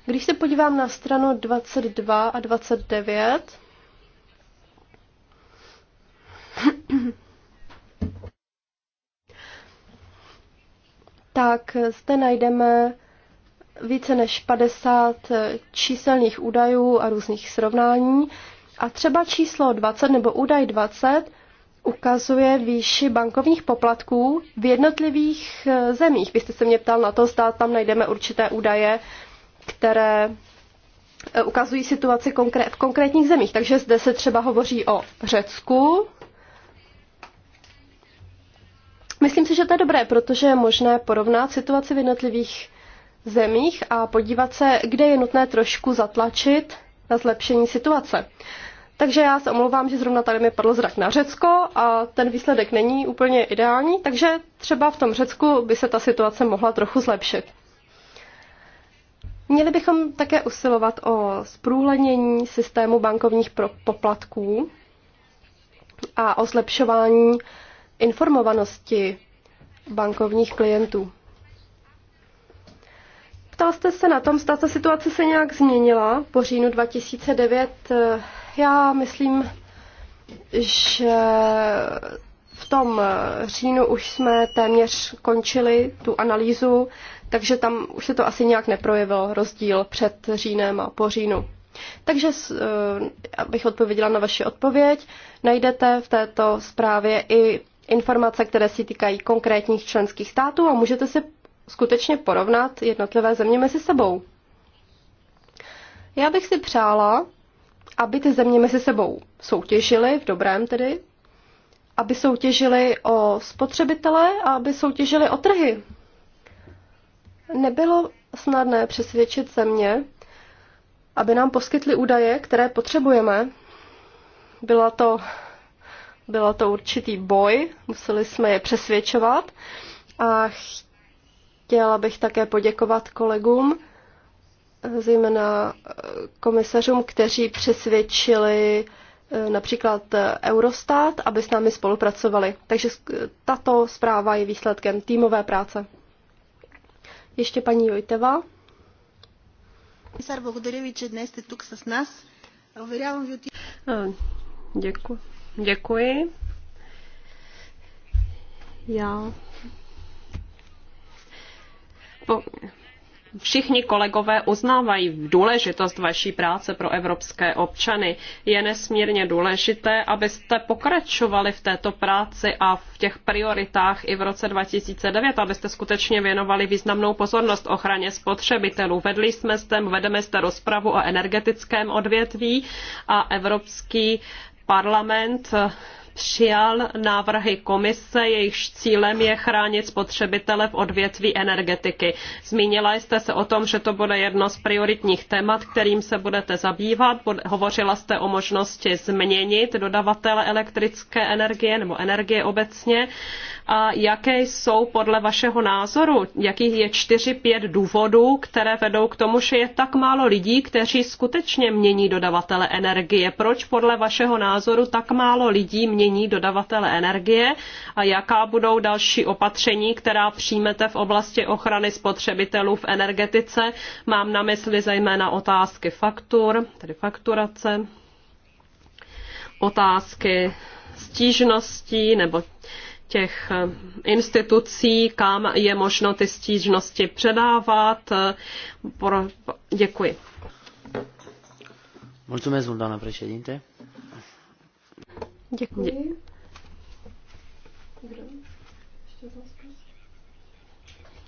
Když se podívám na stranu 22 a 29, tak zde najdeme více než 50 číselných údajů a různých srovnání. A třeba číslo 20 nebo údaj 20 ukazuje výši bankovních poplatků v jednotlivých eh, zemích. Vy jste se mě ptal na to, zda tam najdeme určité údaje, které eh, ukazují situaci v konkrétních zemích. Takže zde se třeba hovoří o Řecku. Myslím si, že to je dobré, protože je možné porovnat situaci v jednotlivých zemích a podívat se, kde je nutné trošku zatlačit na zlepšení situace. Takže já se omlouvám, že zrovna tady mi padl zrak na Řecko a ten výsledek není úplně ideální, takže třeba v tom Řecku by se ta situace mohla trochu zlepšit. Měli bychom také usilovat o zprůhlednění systému bankovních poplatků a o zlepšování informovanosti bankovních klientů. Ptal jste se na tom, zda ta situace se nějak změnila po říjnu 2009. Já myslím, že v tom říjnu už jsme téměř končili tu analýzu, takže tam už se to asi nějak neprojevil rozdíl před říjnem a po říjnu. Takže, eh, abych odpověděla na vaši odpověď, najdete v této zprávě i informace, které se týkají konkrétních členských států a můžete se skutečně porovnat jednotlivé země mezi sebou. Já bych si přála, aby ty země mezi sebou soutěžily, v dobrém tedy, aby soutěžily o spotřebitele a aby soutěžily o trhy. Nebylo snadné přesvědčit země, aby nám poskytly údaje, které potřebujeme. Byla to, byla to určitý boj, museli jsme je přesvědčovat a Chtěla bych také poděkovat kolegům, zejména eh, komisařům, kteří přesvědčili eh, například eh, Eurostat, aby s námi spolupracovali. Takže tato zpráva je výsledkem týmové práce. Ještě paní Jojteva. Комисар, благодаря ви, Děkuji. Děkuji. Já Všichni kolegové uznávají důležitost vaší práce pro evropské občany. Je nesmírně důležité, abyste pokračovali v této práci a v těch prioritách i v roce 2009, abyste skutečně věnovali významnou pozornost ochraně spotřebitelů. Vedli jsme zde, vedeme zde rozpravu o energetickém odvětví a Evropský parlament přijal návrhy komise, jejichž cílem je chránit spotřebitele v odvětví energetiky. Zmínila jste se o tom, že to bude jedno z prioritních témat, kterým se budete zabývat. Hovořila jste o možnosti změnit dodavatele elektrické energie nebo energie obecně. A jaké jsou podle vašeho názoru, jakých je 4-5 důvodů, které vedou k tomu, že je tak málo lidí, kteří skutečně mění dodavatele energie? Proč podle vašeho názoru tak málo lidí mění jiní dodavatele energie a jaká budou další opatření, která přijmete v oblasti ochrany spotřebitelů v energetice. Mám na mysli zejména otázky faktur, tedy fakturace, otázky stížností nebo těch eh, institucí, kam je možno ty stížnosti předávat. Děkuji. Mulțumesc, doamna președinte. Děkuji.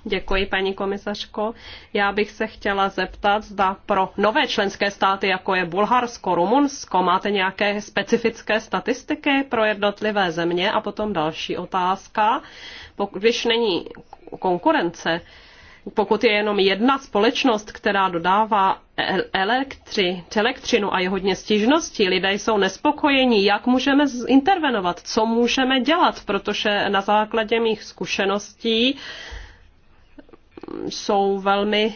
Děkuji, paní komisařko. Já bych se chtěla zeptat, zda pro nové členské státy, jako je Bulharsko, Rumunsko, máte nějaké specifické statistiky pro jednotlivé země? A potom další otázka. Pokud, když není konkurence, pokud je jenom jedna společnost, která dodává elektři, elektřinu a je hodně stížností, lidé jsou nespokojení, jak můžeme intervenovat, co můžeme dělat, protože na základě mých zkušeností jsou velmi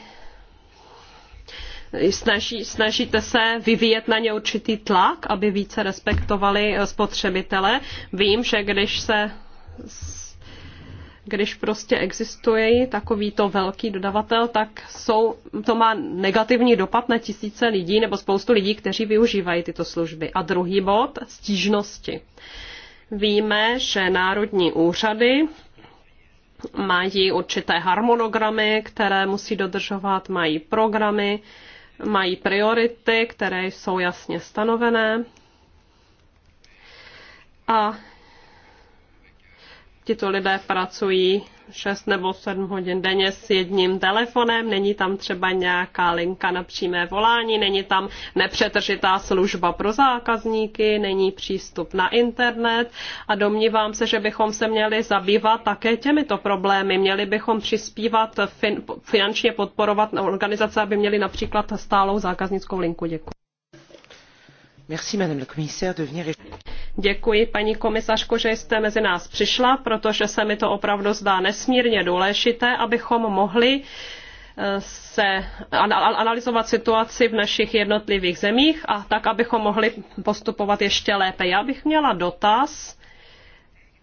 snaží, snažíte se vyvíjet na ně určitý tlak, aby více respektovali spotřebitele. Vím, že když se když prostě existuje takovýto velký dodavatel, tak jsou, to má negativní dopad na tisíce lidí nebo spoustu lidí, kteří využívají tyto služby. A druhý bod, stížnosti. Víme, že národní úřady mají určité harmonogramy, které musí dodržovat, mají programy, mají priority, které jsou jasně stanovené. A Tito lidé pracují 6 nebo 7 hodin denně s jedním telefonem, není tam třeba nějaká linka na přímé volání, není tam nepřetržitá služba pro zákazníky, není přístup na internet a domnívám se, že bychom se měli zabývat také těmito problémy. Měli bychom přispívat, fin, finančně podporovat organizace, aby měli například stálou zákaznickou linku. Děkuji. Děkuji paní komisařko, že jste mezi nás přišla, protože se mi to opravdu zdá nesmírně důležité, abychom mohli eh, se analyzovat situaci v našich jednotlivých zemích a tak, abychom mohli postupovat ještě lépe. Já bych měla dotaz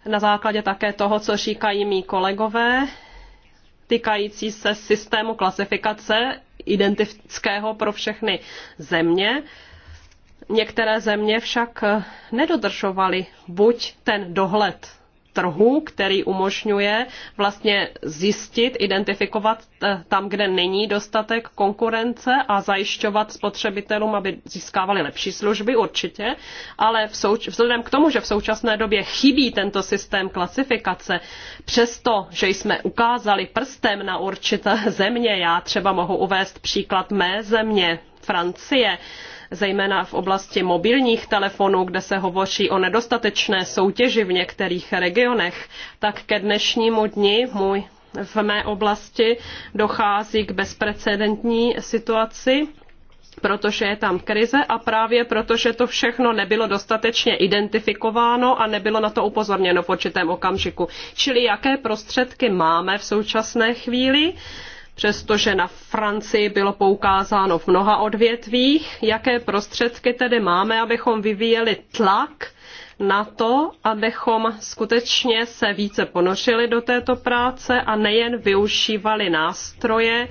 na základě také toho, co říkají mý kolegové, týkající se systému klasifikace identického pro všechny země. Některé země však eh, nedodržovaly buď ten dohled trhu, který umožňuje vlastně zjistit, identifikovat eh, tam, kde není dostatek konkurence a zajišťovat spotřebitelům, aby získávali lepší služby určitě, ale v souč- vzhledem k tomu, že v současné době chybí tento systém klasifikace, přesto, že jsme ukázali prstem na určité země, já třeba mohu uvést příklad mé země, Francie, zejména v oblasti mobilních telefonů, kde se hovoří o nedostatečné soutěži v některých regionech, tak ke dnešnímu dni můj v mé oblasti dochází k bezprecedentní situaci protože je tam krize a právě protože to všechno nebylo dostatečně identifikováno a nebylo na to upozorněno v určitém okamžiku. Čili jaké prostředky máme v současné chvíli přestože na Francii bylo poukázáno v mnoha odvětvích. Jaké prostředky tedy máme, abychom vyvíjeli tlak na to, abychom skutečně se více ponořili do této práce a nejen využívali nástroje,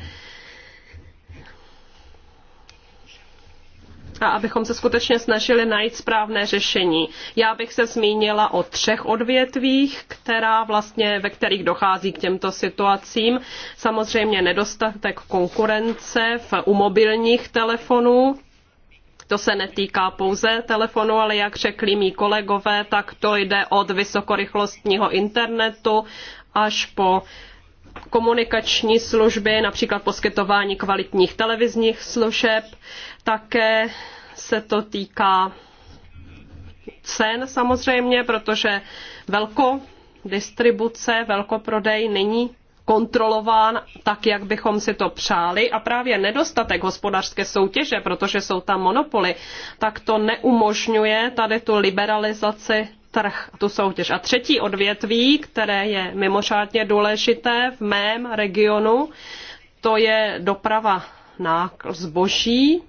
a abychom se skutečně snažili najít správné řešení. Já bych se zmínila o třech odvětvích, která vlastně, ve kterých dochází k těmto situacím. Samozřejmě nedostatek konkurence v, u mobilních telefonů, to se netýká pouze telefonu, ale jak řekli mý kolegové, tak to jde od vysokorychlostního internetu až po komunikační služby, například poskytování kvalitních televizních služeb. Také se to týká cen samozřejmě, protože velko distribuce, velkoprodej není kontrolován tak, jak bychom si to přáli a právě nedostatek hospodářské soutěže, protože jsou tam monopoly, tak to neumožňuje tady tu liberalizaci trh, tu soutěž. A třetí odvětví, které je mimořádně důležité v mém regionu, to je doprava na zboží,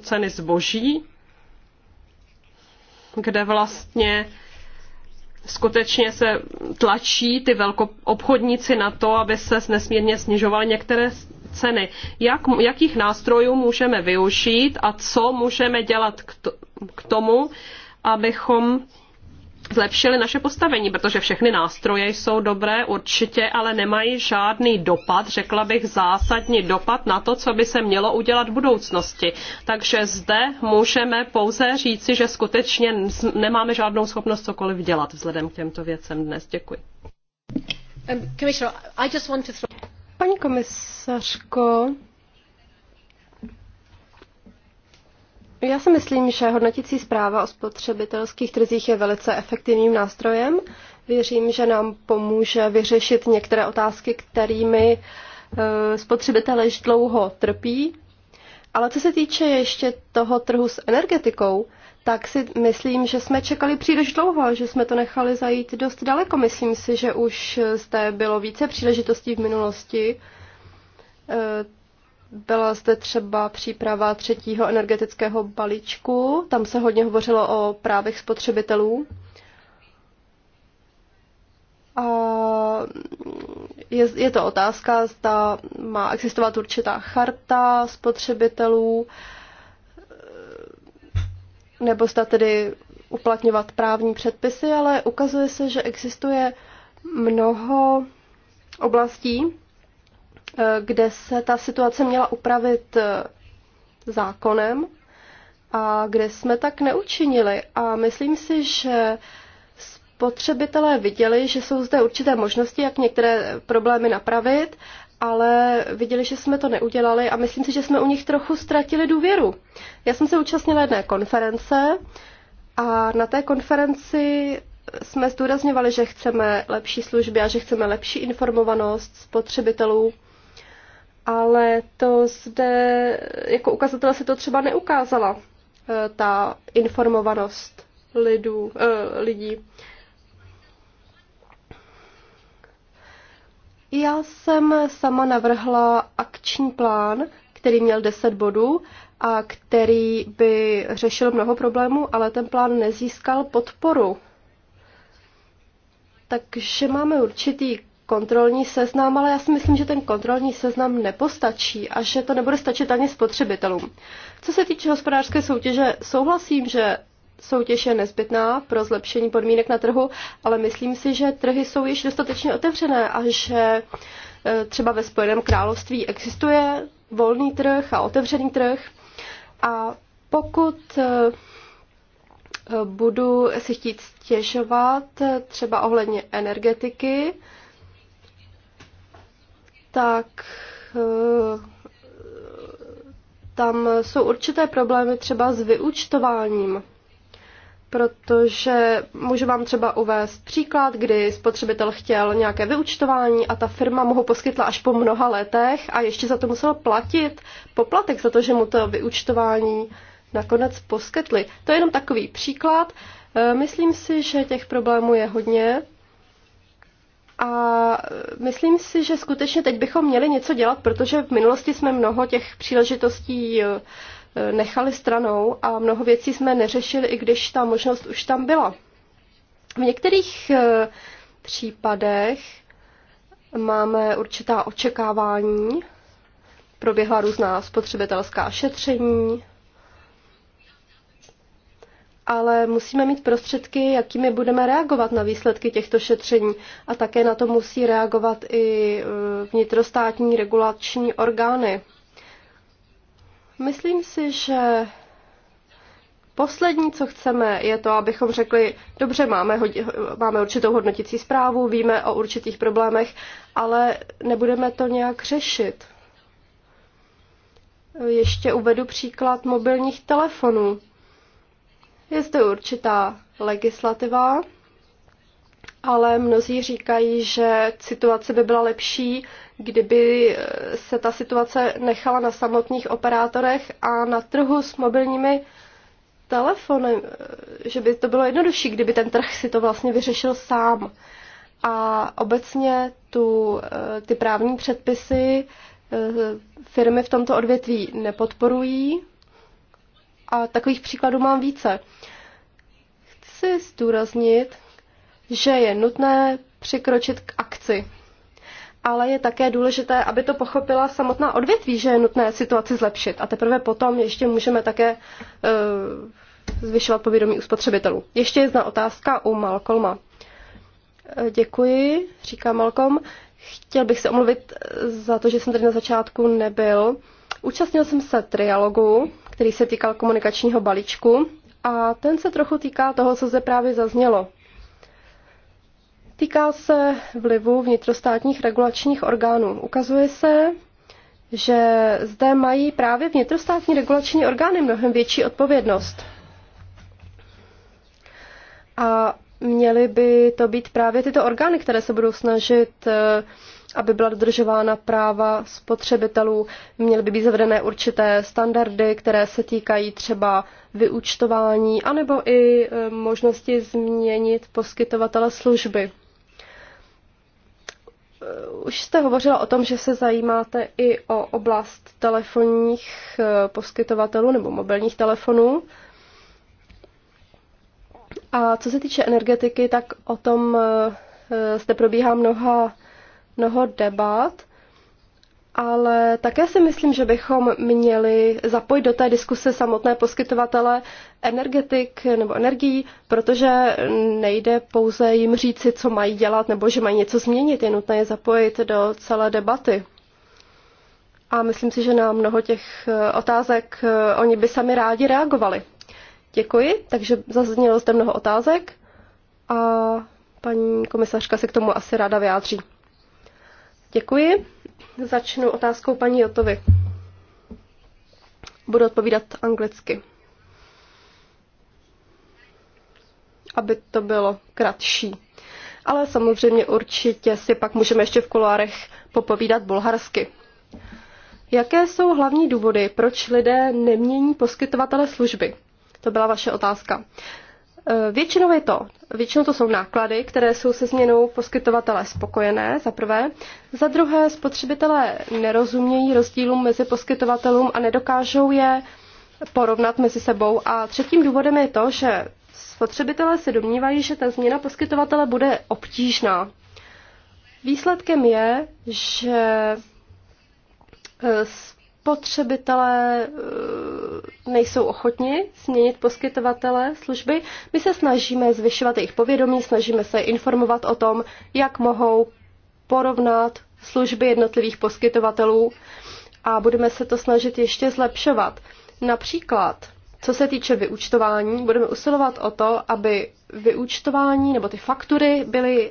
ceny zboží, kde vlastně skutečně se tlačí ty velkoobchodníci na to, aby se nesmírně snižovaly některé ceny. Jak, jakých nástrojů můžeme využít a co můžeme dělat k, k tomu, abychom zlepšili naše postavení, protože všechny nástroje jsou dobré určitě, ale nemají žádný dopad, řekla bych zásadní dopad na to, co by se mělo udělat v budoucnosti. Takže zde můžeme pouze říci, že skutečně nemáme žádnou schopnost cokoliv dělat vzhledem k těmto věcem dnes. Děkuji. Um, Paní komisařko, Já si myslím, že hodnotící zpráva o spotřebitelských trzích je velice efektivním nástrojem. Věřím, že nám pomůže vyřešit některé otázky, kterými e, spotřebitelé již dlouho trpí. Ale co se týče ještě toho trhu s energetikou, tak si myslím, že jsme čekali příliš dlouho, že jsme to nechali zajít dost daleko. Myslím si, že už zde bylo více příležitostí v minulosti e, byla zde třeba příprava třetího energetického balíčku, tam se hodně hovořilo o právech spotřebitelů. A je, je to otázka, zda má existovat určitá charta spotřebitelů, nebo zda tedy uplatňovat právní předpisy, ale ukazuje se, že existuje mnoho oblastí, Eh, kde se ta situace měla upravit eh, zákonem a kde jsme tak neučinili. A myslím si, že spotřebitelé viděli, že jsou zde určité možnosti, jak některé problémy napravit, ale viděli, že jsme to neudělali a myslím si, že jsme u nich trochu ztratili důvěru. Já jsem se účastnila jedné konference a na té konferenci jsme zdůrazňovali, že chceme lepší služby a že chceme lepší informovanost spotřebitelů ale to zde, jako ukazatel se to třeba neukázala, eh, ta informovanost lidů, eh, lidí. Já jsem sama navrhla akční plán, který měl 10 bodů a který by řešil mnoho problémů, ale ten plán nezískal podporu. Takže máme určitý kontrolní seznam, ale já si myslím, že ten kontrolní seznam nepostačí a že to nebude stačit ani spotřebitelům. Co se týče hospodářské soutěže, souhlasím, že soutěž je nezbytná pro zlepšení podmínek na trhu, ale myslím si, že trhy jsou již dostatečně otevřené a že e, třeba ve Spojeném království existuje volný trh a otevřený trh. A pokud e, e, budu si chtít stěžovat třeba ohledně energetiky, tak eh, tam jsou určité problémy třeba s vyúčtováním, protože můžu vám třeba uvést příklad, kdy spotřebitel chtěl nějaké vyúčtování a ta firma mu ho poskytla až po mnoha letech a ještě za to musel platit poplatek za to, že mu to vyúčtování nakonec poskytli. To je jenom takový příklad. Eh, myslím si, že těch problémů je hodně a myslím si, že skutečně teď bychom měli něco dělat, protože v minulosti jsme mnoho těch příležitostí eh, nechali stranou a mnoho věcí jsme neřešili, i když ta možnost už tam byla. V některých eh, případech máme určitá očekávání, proběhla různá spotřebitelská šetření, ale musíme mít prostředky, jakými budeme reagovat na výsledky těchto šetření a také na to musí reagovat i e, vnitrostátní regulační orgány. Myslím si, že poslední, co chceme, je to, abychom řekli, dobře, máme, máme určitou hodnotící zprávu, víme o určitých problémech, ale nebudeme to nějak řešit. Ještě uvedu příklad mobilních telefonů. Je zde určitá legislativa, ale mnozí říkají, že situace by byla lepší, kdyby eh, se ta situace nechala na samotných operátorech a na trhu s mobilními telefony, eh, že by to bylo jednodušší, kdyby ten trh si to vlastně vyřešil sám. A obecně tu, eh, ty právní předpisy firmy v tomto odvětví nepodporují, a takových příkladů mám více. Chci zdůraznit, že je nutné přikročit k akci. Ale je také důležité, aby to pochopila samotná odvětví, že je nutné situaci zlepšit. A teprve potom ještě můžeme také uh, zvyšovat povědomí u spotřebitelů. Ještě jedna otázka u Malcolma. Eh, děkuji, říká Malcolm. Chtěl bych se omluvit eh, za to, že jsem tady na začátku nebyl. Účastnil jsem se trialogu který se týkal komunikačního balíčku a ten se trochu týká toho, co zde právě zaznělo. Týká se vlivu vnitrostátních regulačních orgánů. Ukazuje se, že zde mají právě vnitrostátní regulační orgány mnohem větší odpovědnost. A měly by to být právě tyto orgány, které se budou snažit eh, aby byla dodržována práva spotřebitelů. Měly by být zavedené určité standardy, které se týkají třeba vyúčtování, anebo i e, možnosti změnit poskytovatele služby. E, už jste hovořila o tom, že se zajímáte i o oblast telefonních e, poskytovatelů nebo mobilních telefonů. A co se týče energetiky, tak o tom zde probíhá mnoha mnoho debat, ale také si myslím, že bychom měli zapojit do té diskuse samotné poskytovatele energetik nebo energií, protože nejde pouze jim říci, co mají dělat nebo že mají něco změnit. Je nutné je zapojit do celé debaty. A myslím si, že na mnoho těch eh, otázek eh, oni by sami rádi reagovali. Děkuji, takže zaznělo zde mnoho otázek a paní komisařka se k tomu asi ráda vyjádří. Děkuji. Začnu otázkou paní Jotovi. Budu odpovídat anglicky. Aby to bylo kratší. Ale samozřejmě určitě si pak můžeme ještě v kuloárech popovídat bulharsky. Jaké jsou hlavní důvody, proč lidé nemění poskytovatele služby? To byla vaše otázka. Eh, většinou je to, většinou to jsou náklady, které jsou se změnou poskytovatele spokojené, za prvé. Za druhé, spotřebitelé nerozumějí rozdílům mezi poskytovatelům a nedokážou je porovnat mezi sebou. A třetím důvodem je to, že spotřebitelé se domnívají, že ta změna poskytovatele bude obtížná. Výsledkem je, že eh, spotřebitelé eh, nejsou ochotni změnit poskytovatele služby. My se snažíme zvyšovat jejich povědomí, snažíme se informovat o tom, jak mohou porovnat služby jednotlivých poskytovatelů a budeme se to snažit ještě zlepšovat. Například, co se týče vyúčtování, budeme usilovat o to, aby vyúčtování nebo ty faktury byly e,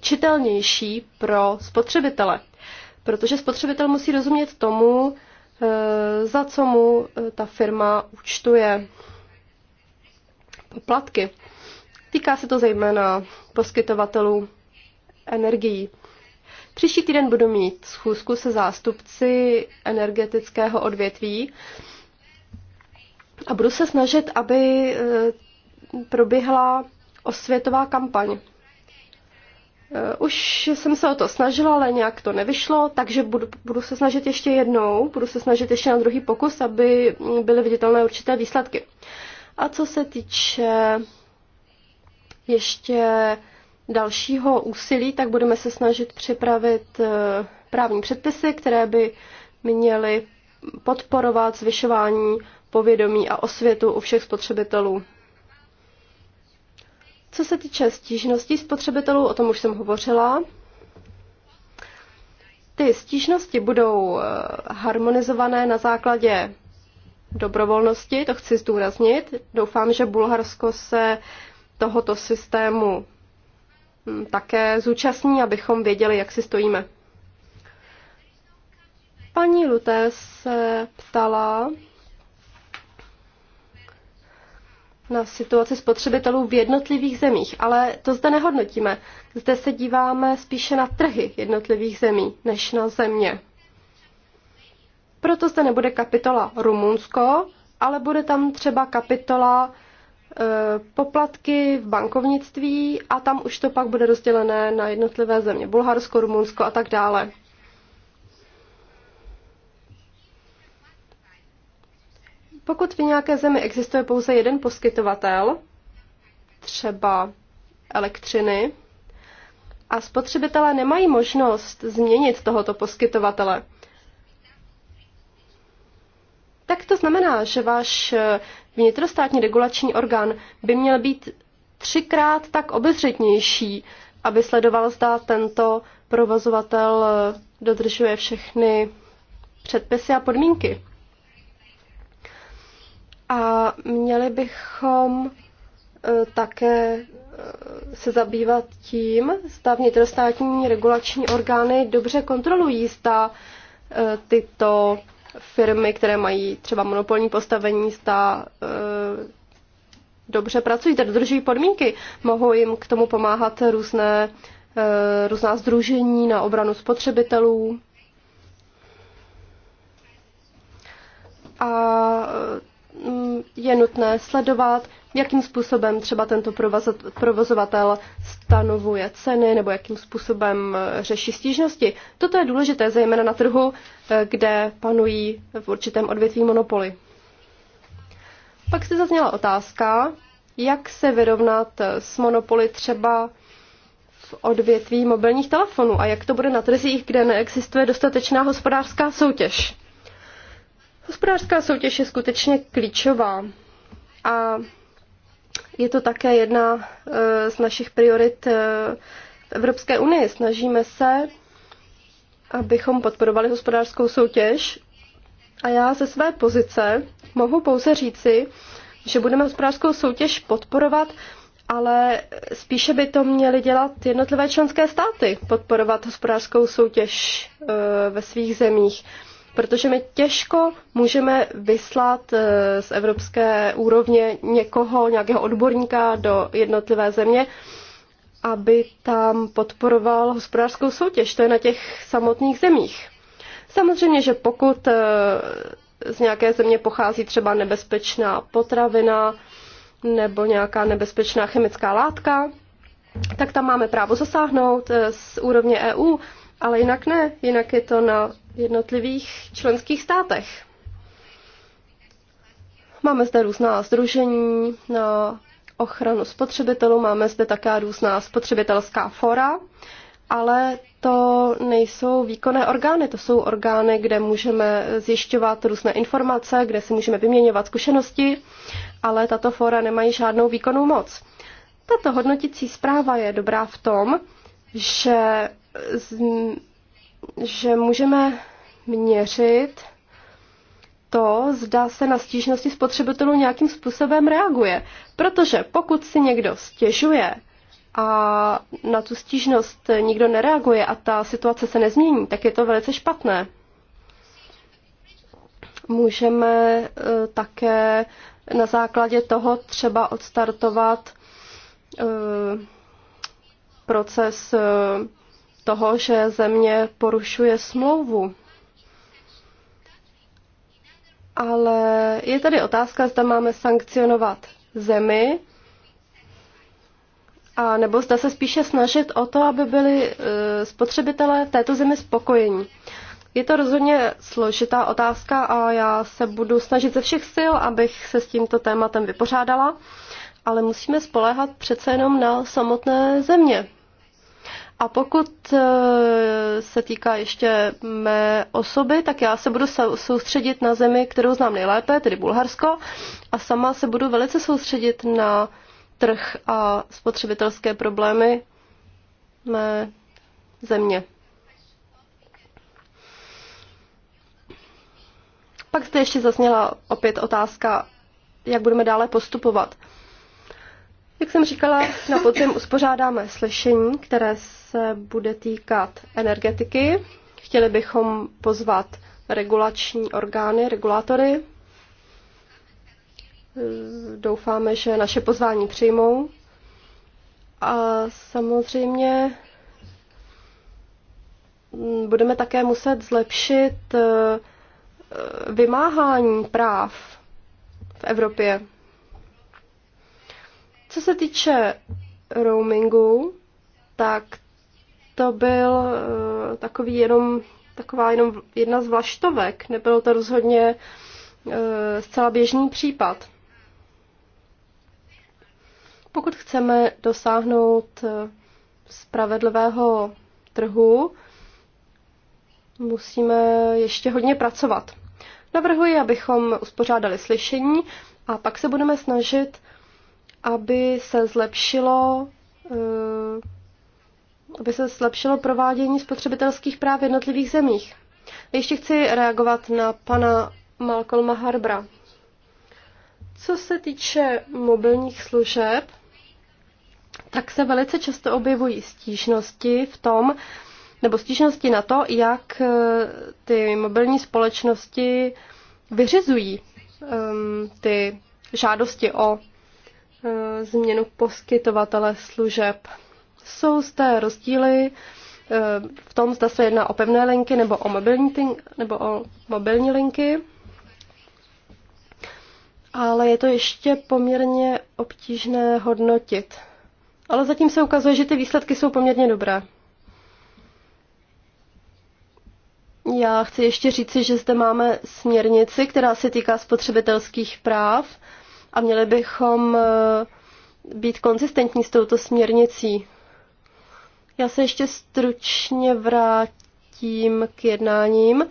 čitelnější pro spotřebitele, protože spotřebitel musí rozumět tomu, Eh, za co mu eh, ta firma účtuje poplatky. Týká se to zejména poskytovatelů energií. Příští týden budu mít schůzku se zástupci energetického odvětví a budu se snažit, aby eh, proběhla osvětová kampaň. Eh, už jsem se o to snažila, ale nějak to nevyšlo, takže budu, budu se snažit ještě jednou, budu se snažit ještě na druhý pokus, aby byly viditelné určité výsledky. A co se týče ještě dalšího úsilí, tak budeme se snažit připravit eh, právní předpisy, které by měly podporovat zvyšování povědomí a osvětu u všech spotřebitelů co se týče stížností spotřebitelů, o tom už jsem hovořila. Ty stížnosti budou eh, harmonizované na základě dobrovolnosti, to chci zdůraznit. Doufám, že Bulharsko se tohoto systému hm, také zúčastní, abychom věděli, jak si stojíme. Paní Luté se ptala, na situaci spotřebitelů v jednotlivých zemích, ale to zde nehodnotíme. Zde se díváme spíše na trhy jednotlivých zemí než na země. Proto zde nebude kapitola Rumunsko, ale bude tam třeba kapitola e, poplatky v bankovnictví a tam už to pak bude rozdělené na jednotlivé země. Bulharsko, Rumunsko a tak dále. Pokud v nějaké zemi existuje pouze jeden poskytovatel, třeba elektřiny, a spotřebitelé nemají možnost změnit tohoto poskytovatele, tak to znamená, že váš vnitrostátní regulační orgán by měl být třikrát tak obezřetnější, aby sledoval, zda tento provozovatel dodržuje všechny předpisy a podmínky. A měli bychom e, také e, se zabývat tím, zda vnitrostátní regulační orgány dobře kontrolují, zda e, tyto firmy, které mají třeba monopolní postavení, zda dobře pracují, tedy dodržují podmínky. Mohou jim k tomu pomáhat různé, různá združení na obranu spotřebitelů. A Mm, je nutné sledovat, jakým způsobem třeba tento provozovatel stanovuje ceny nebo jakým způsobem eh, řeší stížnosti. Toto je důležité, zejména na trhu, eh, kde panují v určitém odvětví monopoly. Pak se zazněla otázka, jak se vyrovnat eh, s monopoly třeba v odvětví mobilních telefonů a jak to bude na trzích, kde neexistuje dostatečná hospodářská soutěž. Hospodářská soutěž je skutečně klíčová a je to také jedna eh, z našich priorit eh, v Evropské unii. Snažíme se, abychom podporovali hospodářskou soutěž a já ze své pozice mohu pouze říci, že budeme hospodářskou soutěž podporovat, ale spíše by to měly dělat jednotlivé členské státy, podporovat hospodářskou soutěž eh, ve svých zemích protože my těžko můžeme vyslat eh, z evropské úrovně někoho, nějakého odborníka do jednotlivé země, aby tam podporoval hospodářskou soutěž. To je na těch samotných zemích. Samozřejmě, že pokud eh, z nějaké země pochází třeba nebezpečná potravina nebo nějaká nebezpečná chemická látka, tak tam máme právo zasáhnout eh, z úrovně EU, ale jinak ne, jinak je to na jednotlivých členských státech. Máme zde různá združení na ochranu spotřebitelů, máme zde také různá spotřebitelská fora, ale to nejsou výkonné orgány, to jsou orgány, kde můžeme zjišťovat různé informace, kde si můžeme vyměňovat zkušenosti, ale tato fora nemají žádnou výkonnou moc. Tato hodnotící zpráva je dobrá v tom, že že můžeme měřit to, zda se na stížnosti spotřebitelů nějakým způsobem reaguje. Protože pokud si někdo stěžuje a na tu stížnost nikdo nereaguje a ta situace se nezmění, tak je to velice špatné. Můžeme eh, také na základě toho třeba odstartovat eh, proces eh, toho, že země porušuje smlouvu. Ale je tady otázka, zda máme sankcionovat zemi, a nebo zda se spíše snažit o to, aby byli e, spotřebitelé této zemi spokojení. Je to rozhodně složitá otázka a já se budu snažit ze všech sil, abych se s tímto tématem vypořádala, ale musíme spoléhat přece jenom na samotné země. A pokud eh, se týká ještě mé osoby, tak já se budu soustředit na zemi, kterou znám nejlépe, tedy Bulharsko, a sama se budu velice soustředit na trh a spotřebitelské problémy mé země. Pak zde ještě zazněla opět otázka, jak budeme dále postupovat. Jak jsem říkala, na podzim uspořádáme slyšení, které se bude týkat energetiky. Chtěli bychom pozvat regulační orgány, regulátory. Doufáme, že naše pozvání přijmou. A samozřejmě budeme také muset zlepšit eh, vymáhání práv v Evropě. Co se týče roamingu, tak to byl eh, takový jenom, taková jenom jedna z vlaštovek. Nebyl to rozhodně eh, zcela běžný případ. Pokud chceme dosáhnout eh, spravedlivého trhu, musíme ještě hodně pracovat. Navrhuji, abychom uspořádali slyšení a pak se budeme snažit aby se zlepšilo eh, aby se zlepšilo provádění spotřebitelských práv v jednotlivých zemích. Ještě chci reagovat na pana Malcolma Harbra. Co se týče mobilních služeb, tak se velice často objevují stížnosti v tom, nebo stížnosti na to, jak eh, ty mobilní společnosti vyřizují um, ty žádosti o Eh, změnu poskytovatele služeb. Jsou zde rozdíly eh, v tom, zda se jedná o pevné linky nebo o mobilní, nebo o mobilní linky. Ale je to ještě poměrně obtížné hodnotit. Ale zatím se ukazuje, že ty výsledky jsou poměrně dobré. Já chci ještě říci, že zde máme směrnici, která se týká spotřebitelských práv a měli bychom eh, být konzistentní s touto směrnicí. Já se ještě stručně vrátím k jednáním,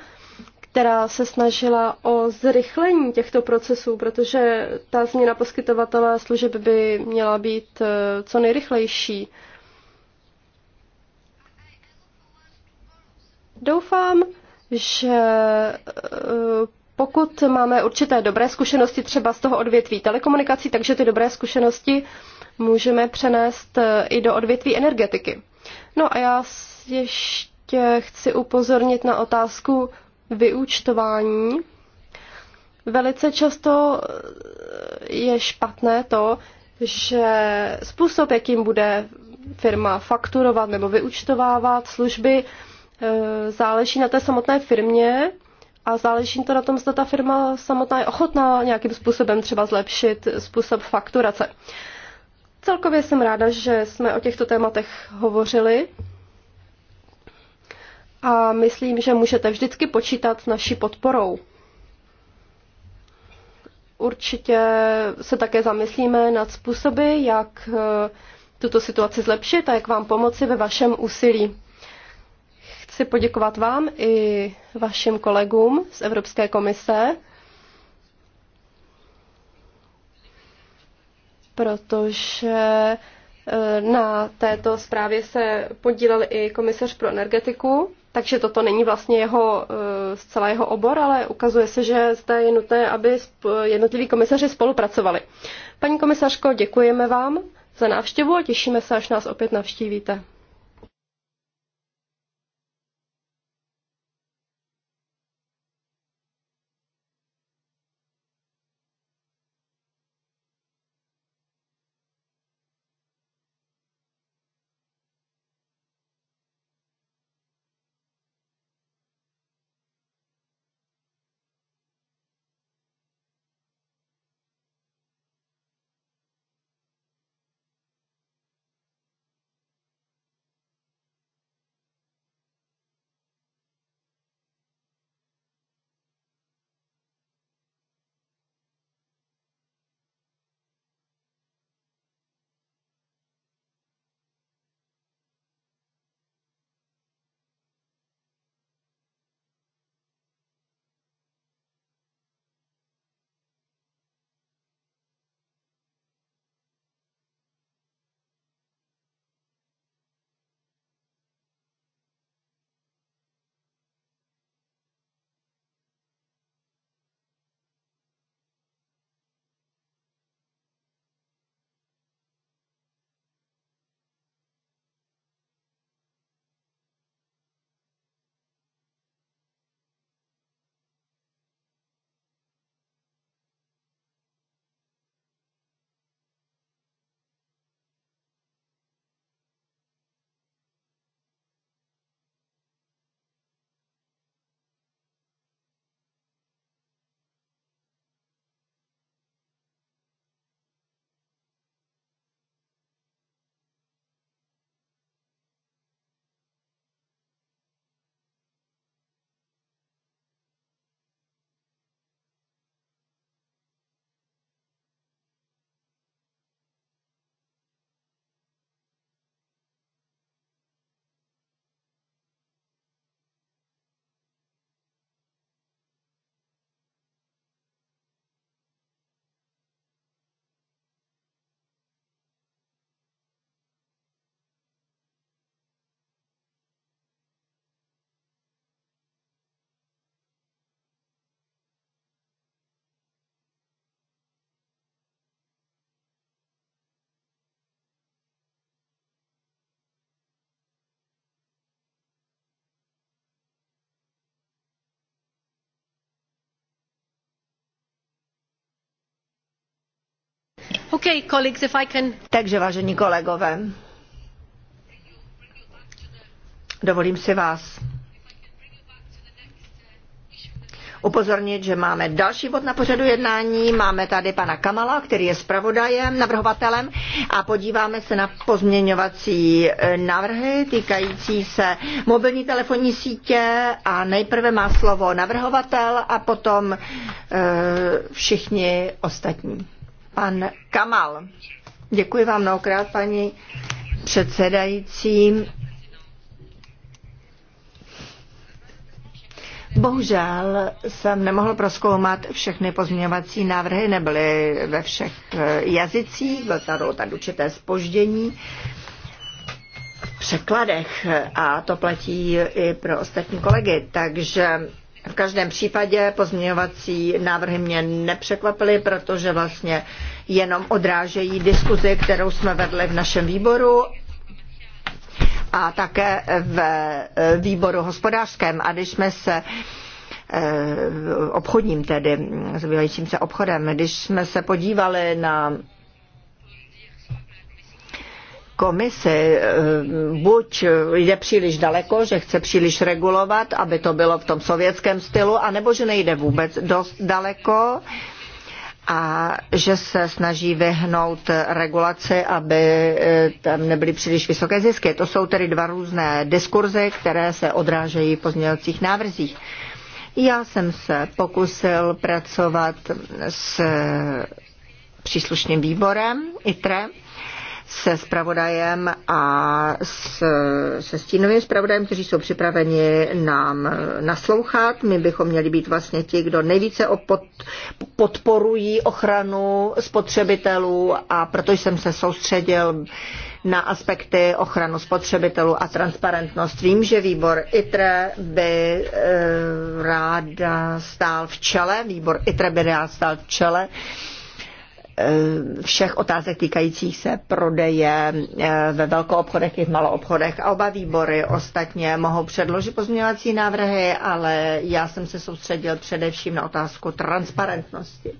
která se snažila o zrychlení těchto procesů, protože ta změna poskytovatele služeb by měla být eh, co nejrychlejší. Doufám, že eh, pokud máme určité dobré zkušenosti třeba z toho odvětví telekomunikací, takže ty dobré zkušenosti můžeme přenést eh, i do odvětví energetiky. No a já ještě chci upozornit na otázku vyúčtování. Velice často eh, je špatné to, že způsob, jakým bude firma fakturovat nebo vyúčtovávat služby, eh, záleží na té samotné firmě, a záleží to na tom, zda ta firma samotná je ochotná nějakým způsobem třeba zlepšit způsob fakturace. Celkově jsem ráda, že jsme o těchto tématech hovořili a myslím, že můžete vždycky počítat s naší podporou. Určitě se také zamyslíme nad způsoby, jak eh, tuto situaci zlepšit a jak vám pomoci ve vašem úsilí chci poděkovat vám i vašim kolegům z Evropské komise, protože eh, na této zprávě se podílel i komisař pro energetiku, takže toto není vlastně jeho, eh, zcela jeho obor, ale ukazuje se, že zde je nutné, aby jednotliví komisaři spolupracovali. Paní komisařko, děkujeme vám za návštěvu a těšíme se, až nás opět navštívíte. Okay, colleagues, if I can... Takže, vážení kolegové, dovolím si vás upozornit, že máme další bod na pořadu jednání. Máme tady pana Kamala, který je zpravodajem, navrhovatelem a podíváme se na pozměňovací eh, návrhy týkající se mobilní telefonní sítě a nejprve má slovo navrhovatel a potom e, všichni ostatní. Pan Kamal. Děkuji vám mnohokrát, paní předsedající. Bohužel jsem nemohl proskoumat všechny pozměňovací návrhy, nebyly ve všech eh, jazycích, bylo tady, tady určité spoždění v překladech a to platí i pro ostatní kolegy, takže v každém případě pozměňovací návrhy mě nepřekvapily, protože vlastně jenom odrážejí diskuzi, kterou jsme vedli v našem výboru a také v e, výboru hospodářském. A když jsme se e, obchodním tedy, zabývajícím se obchodem, když jsme se podívali na komise eh, buď jde příliš daleko, že chce příliš regulovat, aby to bylo v tom sovětském stylu, anebo že nejde vůbec dost daleko a že se snaží vyhnout regulaci, aby eh, tam nebyly příliš vysoké zisky. To jsou tedy dva různé diskurzy, které se odrážejí v pozměňovacích návrzích. Já jsem se pokusil pracovat s příslušným výborem ITRE, se spravodajem a s, se stínovým spravodajem, kteří jsou připraveni nám naslouchat. My bychom měli být vlastně ti, kdo nejvíce opod, podporují ochranu spotřebitelů a proto jsem se soustředil na aspekty ochranu spotřebitelů a transparentnost. Vím, že výbor ITRE by e, ráda stál v čele, výbor ITRE by rád stál v čele e, Eh, všech otázek týkajících se prodeje eh, ve velkoobchodech i v maloobchodech. A oba výbory ostatně mohou předložit pozměňovací návrhy, ale já jsem se soustředil především na otázku transparentnosti.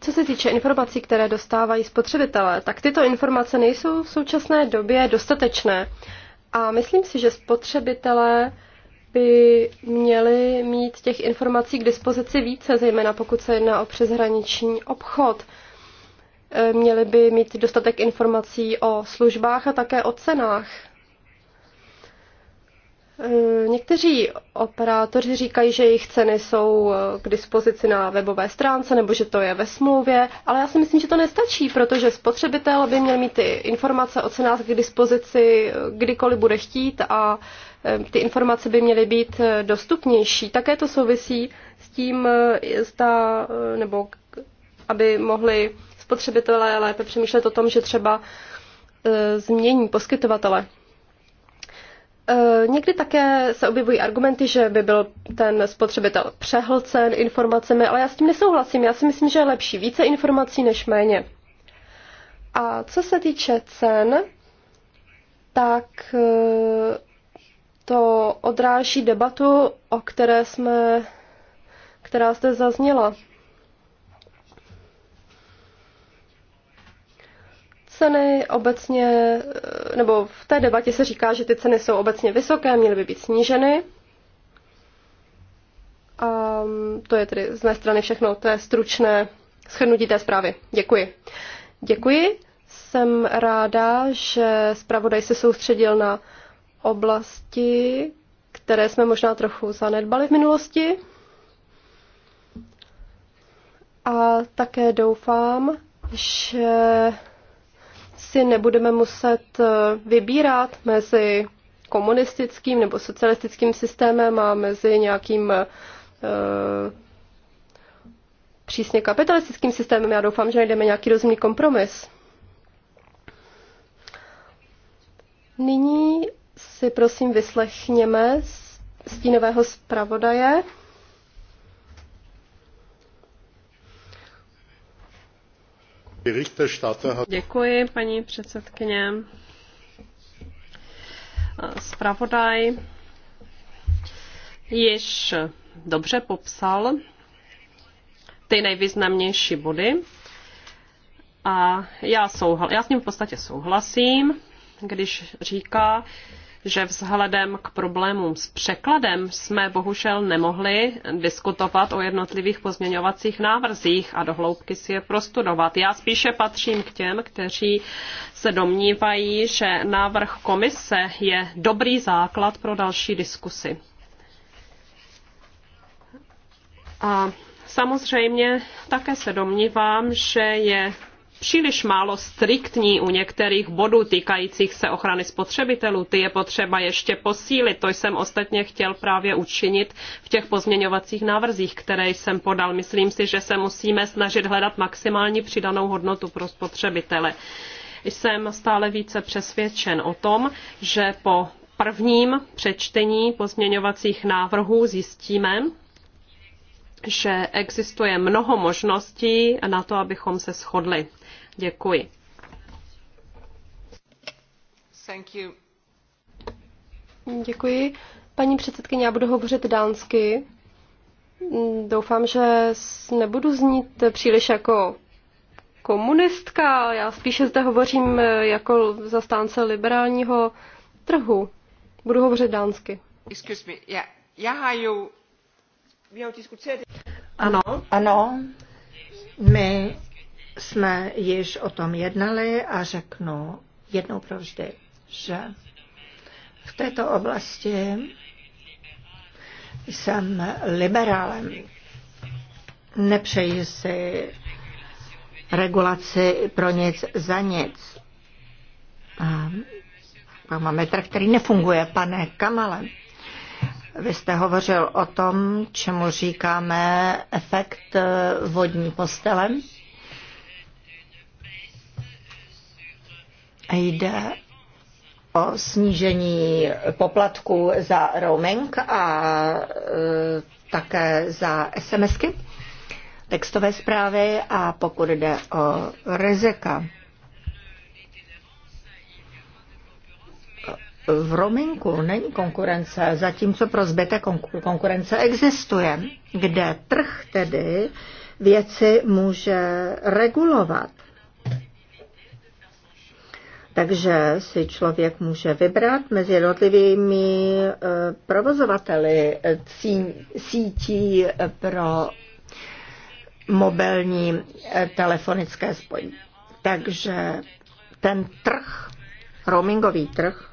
Co se týče informací, které dostávají spotřebitelé, tak tyto informace nejsou v současné době dostatečné. A myslím si, že spotřebitelé by měli mít těch informací k dispozici více, zejména pokud se jedná o přeshraniční obchod. E, měli by mít dostatek informací o službách a také o cenách. E, někteří operátoři říkají, že jejich ceny jsou e, k dispozici na webové stránce nebo že to je ve smlouvě, ale já si myslím, že to nestačí, protože spotřebitel by měl mít ty informace o cenách k dispozici kdykoliv bude chtít a Ehm, ty informace by měly být eh, dostupnější. Také to souvisí s tím, eh, zda, eh, nebo aby mohli spotřebitelé lépe přemýšlet o tom, že třeba změní poskytovatele. Někdy také se objevují argumenty, že by byl ten spotřebitel přehlcen informacemi, ale já s tím nesouhlasím. Já si myslím, že je lepší více informací než méně. A co se týče cen, tak to odráží debatu, o které jsme, která zde zazněla. Ceny obecně, nebo v té debatě se říká, že ty ceny jsou obecně vysoké, měly by být sníženy. A mm, to je tedy z mé strany všechno, to je stručné shrnutí té zprávy. Děkuji. Děkuji. Jsem ráda, že zpravodaj se soustředil na oblasti, které jsme možná trochu zanedbali v minulosti. A také doufám, že si nebudeme muset vybírat mezi komunistickým nebo socialistickým systémem a mezi nějakým e, přísně kapitalistickým systémem. Já doufám, že najdeme nějaký rozumný kompromis. Nyní si prosím vyslechněme stínového zpravodaje. Děkuji, paní předsedkyně. Zpravodaj již dobře popsal ty nejvýznamnější body a já, souhla, já s ním v podstatě souhlasím, když říká, že vzhledem k problémům s překladem jsme bohužel nemohli diskutovat o jednotlivých pozměňovacích návrzích a dohloubky si je prostudovat. Já spíše patřím k těm, kteří se domnívají, že návrh komise je dobrý základ pro další diskusy. A samozřejmě také se domnívám, že je příliš málo striktní u některých bodů týkajících se ochrany spotřebitelů. Ty je potřeba ještě posílit. To jsem ostatně chtěl právě učinit v těch pozměňovacích návrzích, které jsem podal. Myslím si, že se musíme snažit hledat maximální přidanou hodnotu pro spotřebitele. Jsem stále více přesvědčen o tom, že po prvním přečtení pozměňovacích návrhů zjistíme, že existuje mnoho možností na to, abychom se shodli. Děkuji. Thank you. Děkuji. Paní předsedkyně, já budu hovořit dánsky. Doufám, že nebudu znít příliš jako komunistka. Já spíše zde hovořím jako zastánce liberálního trhu. Budu hovořit dánsky. Excuse me, já, já Ano. Ano. My jsme již o tom jednali a řeknu jednou provždy, že v této oblasti jsem liberálem. Nepřeji si regulaci pro nic za nic. A máme trh, který nefunguje, pane Kamale. Vy jste hovořil o tom, čemu říkáme efekt vodní postelem. Jde o snížení poplatku za roaming a e, také za SMSky, textové zprávy a pokud jde o rizika. v roamingu není konkurence, zatímco pro zbytek konkurence existuje, kde trh tedy věci může regulovat takže si člověk může vybrat mezi jednotlivými eh, provozovateli eh, sítí eh, pro mobilní telefonické spojení. Takže ten trh, roamingový trh,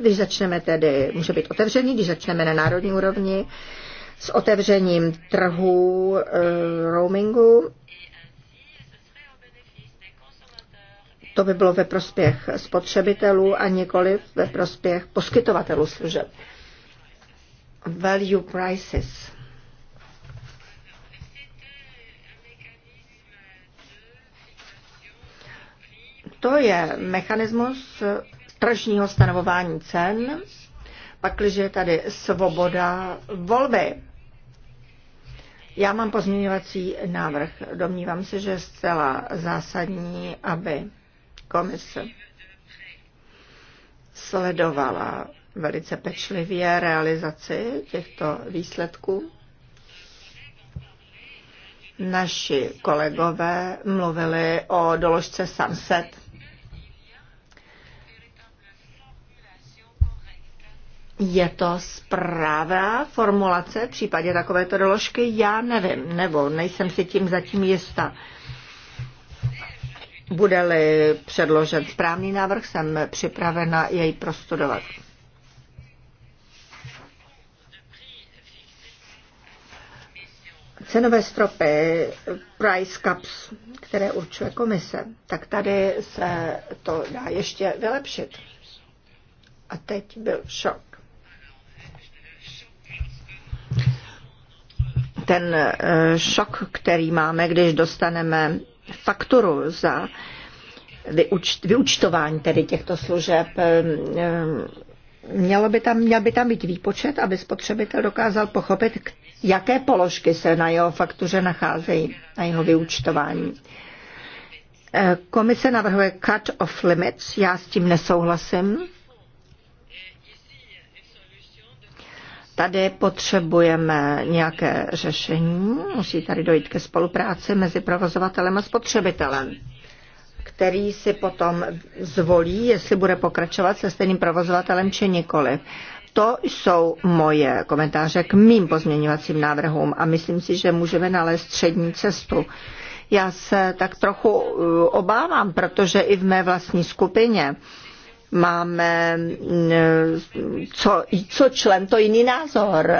když začneme tedy, může být otevřený, když začneme na národní úrovni, s otevřením trhu e, roamingu to by bylo ve prospěch spotřebitelů a nikoli ve prospěch poskytovatelů služeb. Value prices. To je mechanismus tržního stanovování cen, pakliže je tady svoboda volby. Já mám pozměňovací návrh. Domnívám se, že je zcela zásadní, aby komise sledovala velice pečlivě realizaci těchto výsledků. Naši kolegové mluvili o doložce Sunset. Je to správná formulace v případě takovéto doložky? Já nevím, nebo nejsem si tím zatím jista. Bude-li předložen správný návrh, jsem připravena jej prostudovat. Cenové stropy, price caps, které určuje komise, tak tady se to dá ještě vylepšit. A teď byl šok. Ten eh, šok, který máme, když dostaneme faktoru za vyuč, vyučtování tedy těchto služeb. Ehm, ehm, mělo by tam, měl by tam být výpočet, aby spotřebitel dokázal pochopit, jaké položky se na jeho faktuře nacházejí, na jeho vyučtování. Ehm, komise navrhuje cut off limits, já s tím nesouhlasím. Tady potřebujeme nějaké řešení, musí tady dojít ke spolupráci mezi provozovatelem a spotřebitelem který si potom zvolí, jestli bude pokračovat se stejným provozovatelem či nikoli. To jsou moje komentáře k mým pozměňovacím návrhům a myslím si, že můžeme nalézt střední cestu. Já se tak trochu uh, obávám, protože i v mé vlastní skupině uh, máme mm, co, co člen, to jiný názor.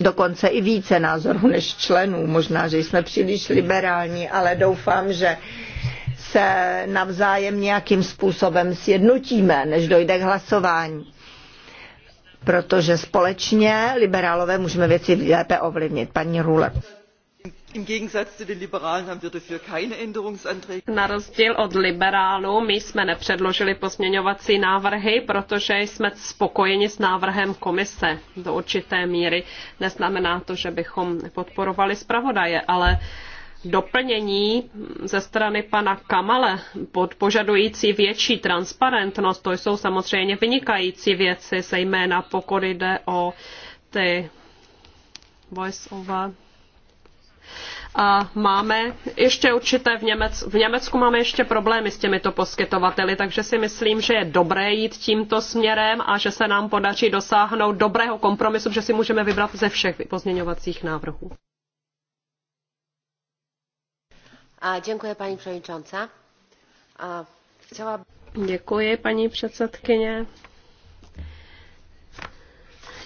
Dokonce i více názorů než členů. Možná, že jsme příliš liberální, ale doufám, že se navzájem nějakým způsobem sjednotíme, než dojde k hlasování. Protože společně liberálové můžeme věci lépe ovlivnit. Paní Rule. Na rozdíl od liberálů, my jsme nepředložili pozměňovací návrhy, protože jsme spokojeni s návrhem komise do určité míry. Neznamená to, že bychom podporovali zpravodaje, ale doplnění ze strany pana Kamale pod požadující větší transparentnost, to jsou samozřejmě vynikající věci, zejména pokud jde o ty voice over a máme ještě určité v, Němec, v Německu máme ještě problémy s těmito poskytovateli, takže si myslím, že je dobré jít tímto směrem a že se nám podaří dosáhnout dobrého kompromisu, že si můžeme vybrat ze všech pozměňovacích návrhů. A děkuji, paní předsedkyně. Chtěla... Děkuji, paní předsedkyně.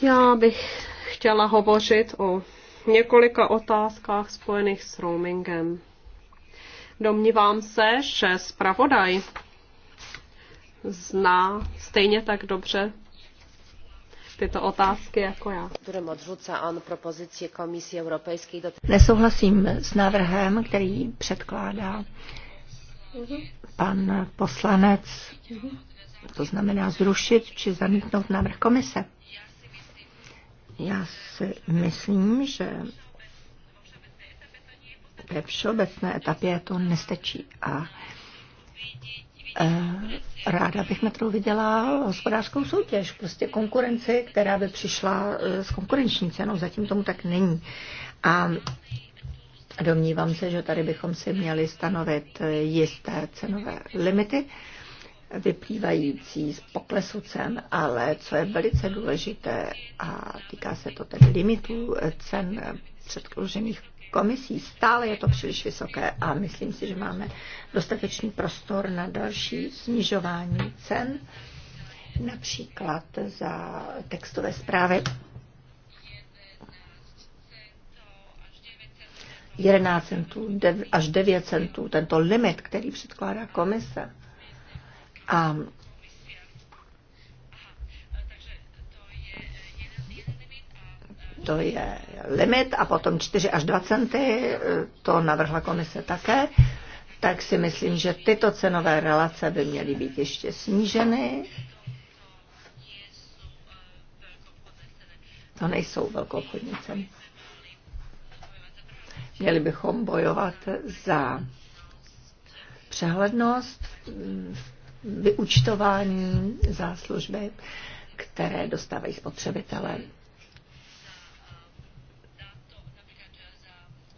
Já bych chtěla hovořit o několika otázkách spojených s roamingem. Domnívám se, že zpravodaj zná stejně tak dobře tyto otázky jako já. Evropské. Nesouhlasím s návrhem, který předkládá pan poslanec, to znamená zrušit či zamítnout návrh komise. Já si myslím, že ve všeobecné etapě to nestačí. A eh, Ráda bych na to viděla hospodářskou soutěž, prostě konkurenci, která by přišla eh, s konkurenční cenou. Zatím tomu tak není. A domnívám se, že tady bychom si měli stanovit eh, jisté cenové limity vyplývající z poklesu cen, ale co je velice důležité a týká se to tedy limitů cen předkružených komisí, stále je to příliš vysoké a myslím si, že máme dostatečný prostor na další snižování cen, například za textové zprávy 11 centů až 9 centů, tento limit, který předkládá komise a to je limit a potom 4 až 2 centy, to navrhla komise také, tak si myslím, že tyto cenové relace by měly být ještě sníženy. To nejsou velkoobchodní ceny. Měli bychom bojovat za přehlednost v vyučtování za služby, které dostávají spotřebitelé.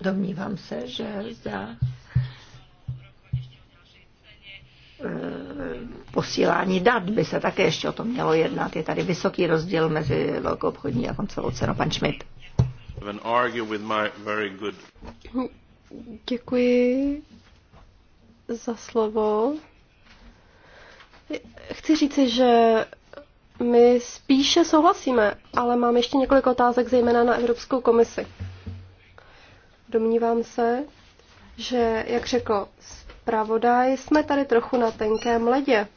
Domnívám se, že za eh, posílání dat by se také ještě o tom mělo jednat. Je tady vysoký rozdíl mezi velkou obchodní a koncovou cenou. Pan Schmidt. Děkuji za slovo. Chci říci, že my spíše souhlasíme, ale mám ještě několik otázek, zejména na Evropskou komisi. Domnívám se, že, jak řekl zpravodaj, jsme tady trochu na tenkém ledě.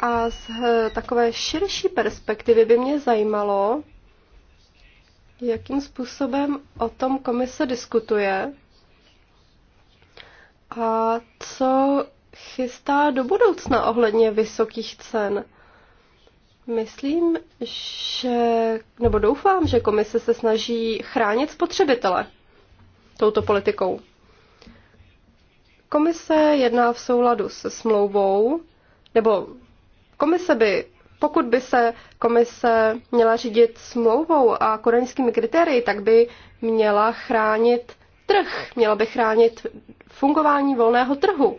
A z takové širší perspektivy by mě zajímalo, jakým způsobem o tom komise diskutuje a co chystá do budoucna ohledně vysokých cen? Myslím, že, nebo doufám, že komise se snaží chránit spotřebitele touto politikou. Komise jedná v souladu se smlouvou, nebo komise by, pokud by se komise měla řídit smlouvou a koreňskými kritérii, tak by měla chránit trh, měla by chránit fungování volného trhu.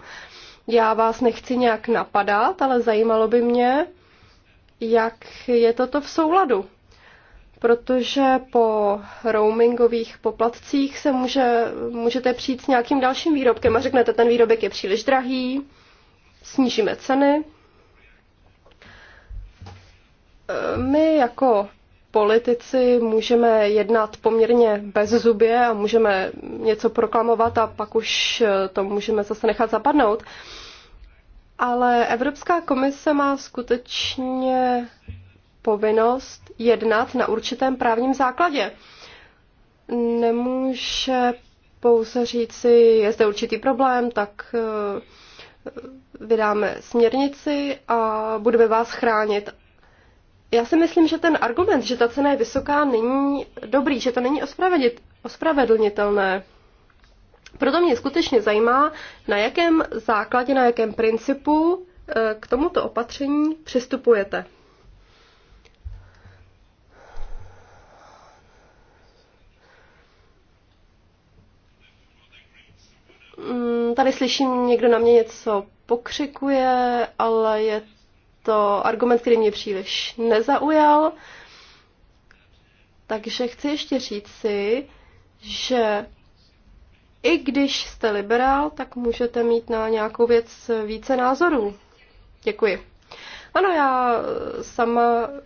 Já vás nechci nějak napadat, ale zajímalo by mě, jak je toto v souladu. Protože po roamingových poplatcích se může, můžete přijít s nějakým dalším výrobkem a řeknete, ten výrobek je příliš drahý, snížíme ceny. My jako politici můžeme jednat poměrně bez zubě a můžeme něco proklamovat a pak už eh, to můžeme zase nechat zapadnout. Ale Evropská komise má skutečně povinnost jednat na určitém právním základě. Nemůže pouze říci, je zde určitý problém, tak eh, vydáme směrnici a budeme vás chránit já si myslím, že ten argument, že ta cena je vysoká, není dobrý, že to není ospravedlnitelné. Proto mě skutečně zajímá, na jakém základě, na jakém principu eh, k tomuto opatření přistupujete. Mm, tady slyším, někdo na mě něco pokřikuje, ale je to argument, který mě příliš nezaujal. Takže chci ještě říct si, že i když jste liberál, tak můžete mít na nějakou věc více názorů. Děkuji. Ano, já eh, sama eh,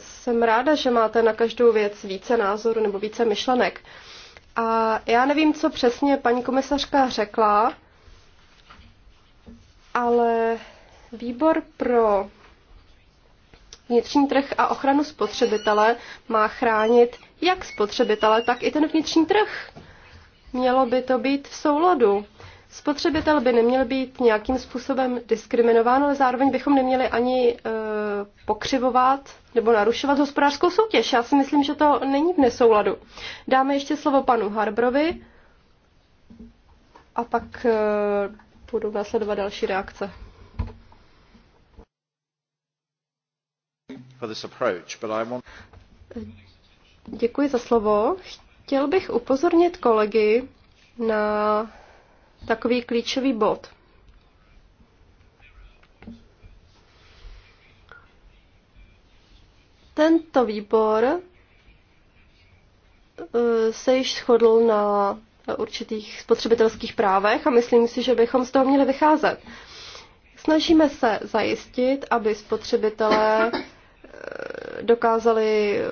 jsem ráda, že máte na každou věc více názorů nebo více myšlenek. A já nevím, co přesně paní komisařka řekla, ale výbor pro Vnitřní trh a ochranu spotřebitele má chránit jak spotřebitele, tak i ten vnitřní trh. Mělo by to být v souladu. Spotřebitel by neměl být nějakým způsobem diskriminován, ale zároveň bychom neměli ani e, pokřivovat nebo narušovat hospodářskou soutěž. Já si myslím, že to není v nesouladu. Dáme ještě slovo panu Harbrovi a pak e, budou následovat další reakce. Děkuji za slovo. Chtěl bych upozornit kolegy na takový klíčový bod. Tento výbor eh, se již shodl na určitých spotřebitelských právech a myslím si, že bychom z toho měli vycházet. Snažíme se zajistit, aby spotřebitelé dokázali eh,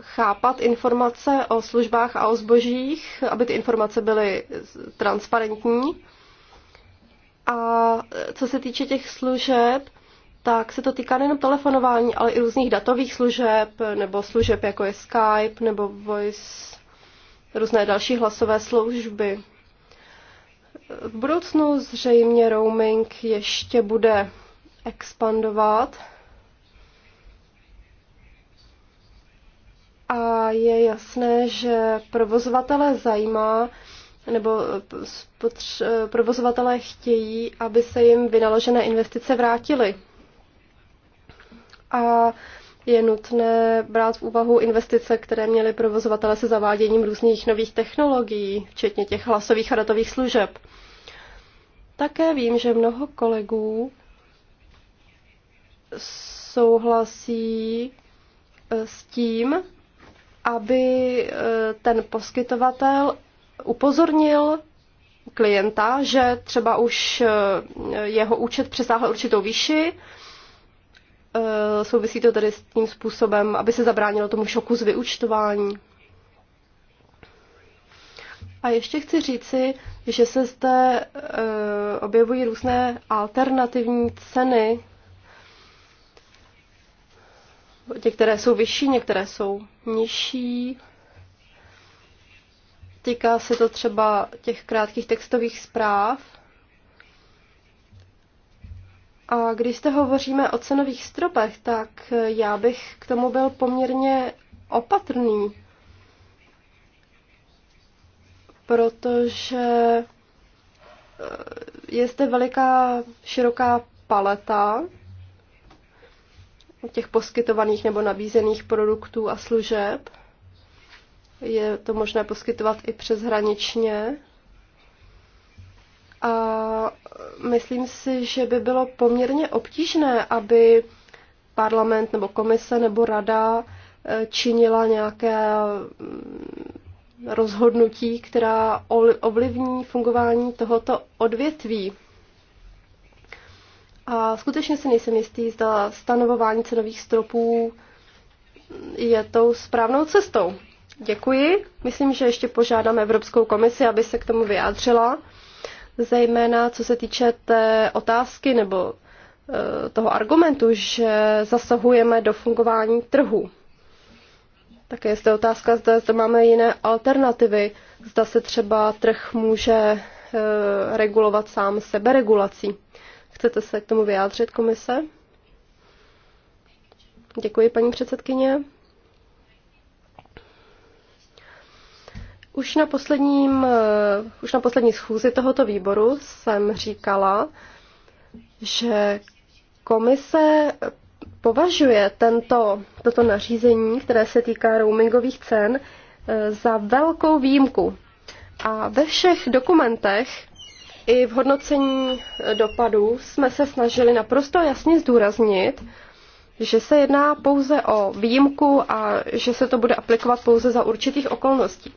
chápat informace o službách a o zbožích, aby ty informace byly transparentní. A co se týče těch služeb, tak se to týká nejenom telefonování, ale i různých datových služeb, nebo služeb jako je Skype, nebo Voice, různé další hlasové služby. V budoucnu zřejmě roaming ještě bude expandovat. A je jasné, že provozovatele zajímá, nebo eh, spotř- eh, provozovatelé chtějí, aby se jim vynaložené investice vrátily. A je nutné brát v úvahu investice, které měly provozovatele se zaváděním různých nových technologií, včetně těch hlasových a datových služeb. Také vím, že mnoho kolegů souhlasí e, s tím, aby e, ten poskytovatel upozornil klienta, že třeba už e, jeho účet přesáhl určitou výši, souvisí to tedy s tím způsobem, aby se zabránilo tomu šoku z vyučtování. A ještě chci říci, že se zde objevují různé alternativní ceny Některé jsou vyšší, některé jsou nižší. Týká se to třeba těch krátkých textových zpráv. A když jste hovoříme o cenových stropech, tak já bych k tomu byl poměrně opatrný, protože eh, je zde veliká široká paleta těch poskytovaných nebo nabízených produktů a služeb. Je to možné poskytovat i přeshraničně. A myslím si, že by bylo poměrně obtížné, aby parlament nebo komise nebo rada eh, činila nějaké mm, rozhodnutí, která ovlivní fungování tohoto odvětví. A skutečně si nejsem jistý, zda stanovování cenových stropů je tou správnou cestou. Děkuji. Myslím, že ještě požádáme Evropskou komisi, aby se k tomu vyjádřila, zejména co se týče té otázky nebo e, toho argumentu, že zasahujeme do fungování trhu. Také je zde otázka, zda, zda máme jiné alternativy, zda se třeba trh může e, regulovat sám seberegulací. regulací. Chcete se k tomu vyjádřit, komise? Děkuji, paní předsedkyně. Už na, posledním, eh, už na poslední schůzi tohoto výboru jsem říkala, že komise považuje tento, toto nařízení, které se týká roamingových cen, eh, za velkou výjimku. A ve všech dokumentech i v hodnocení eh, dopadů jsme se snažili naprosto jasně zdůraznit, že se jedná pouze o výjimku a že se to bude aplikovat pouze za určitých okolností.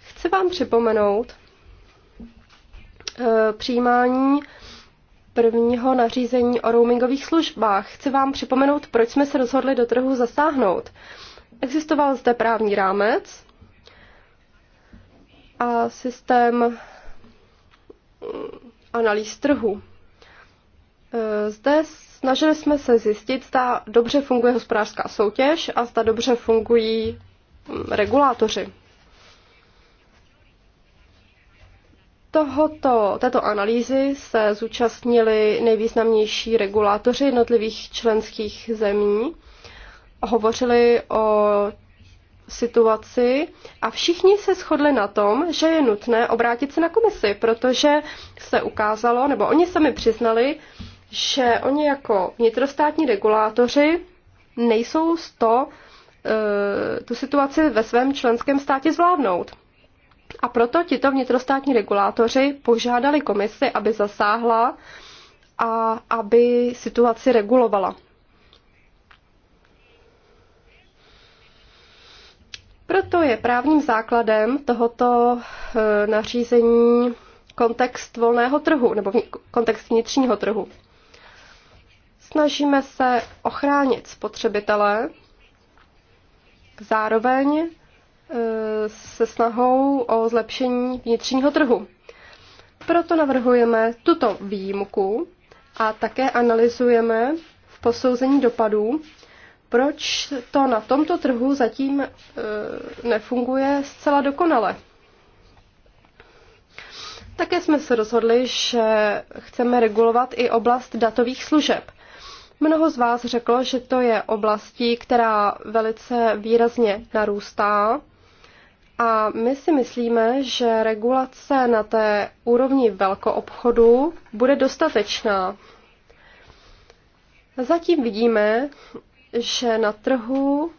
Chci vám připomenout eh, přijímání prvního nařízení o roamingových službách. Chci vám připomenout, proč jsme se rozhodli do trhu zasáhnout. Existoval zde právní rámec a systém analýz trhu. E, zde snažili jsme se zjistit, zda dobře funguje hospodářská soutěž a zda dobře fungují mm, regulátoři. Tohoto, této analýzy se zúčastnili nejvýznamnější regulátoři jednotlivých členských zemí. Hovořili o situaci a všichni se shodli na tom, že je nutné obrátit se na komisi, protože se ukázalo, nebo oni sami přiznali, že oni jako vnitrostátní regulátoři nejsou z to eh, tu situaci ve svém členském státě zvládnout. A proto tito vnitrostátní regulátoři požádali komisi, aby zasáhla a aby situaci regulovala. Proto je právním základem tohoto eh, nařízení kontext volného trhu nebo kontext vnitřního trhu. Snažíme se ochránit spotřebitele, zároveň eh, se snahou o zlepšení vnitřního trhu. Proto navrhujeme tuto výjimku a také analyzujeme v posouzení dopadů, proč to na tomto trhu zatím e, nefunguje zcela dokonale. Také jsme se rozhodli, že chceme regulovat i oblast datových služeb. Mnoho z vás řeklo, že to je oblastí, která velice výrazně narůstá. A my si myslíme, že regulace na té úrovni velkoobchodu bude dostatečná. Zatím vidíme, že na trhu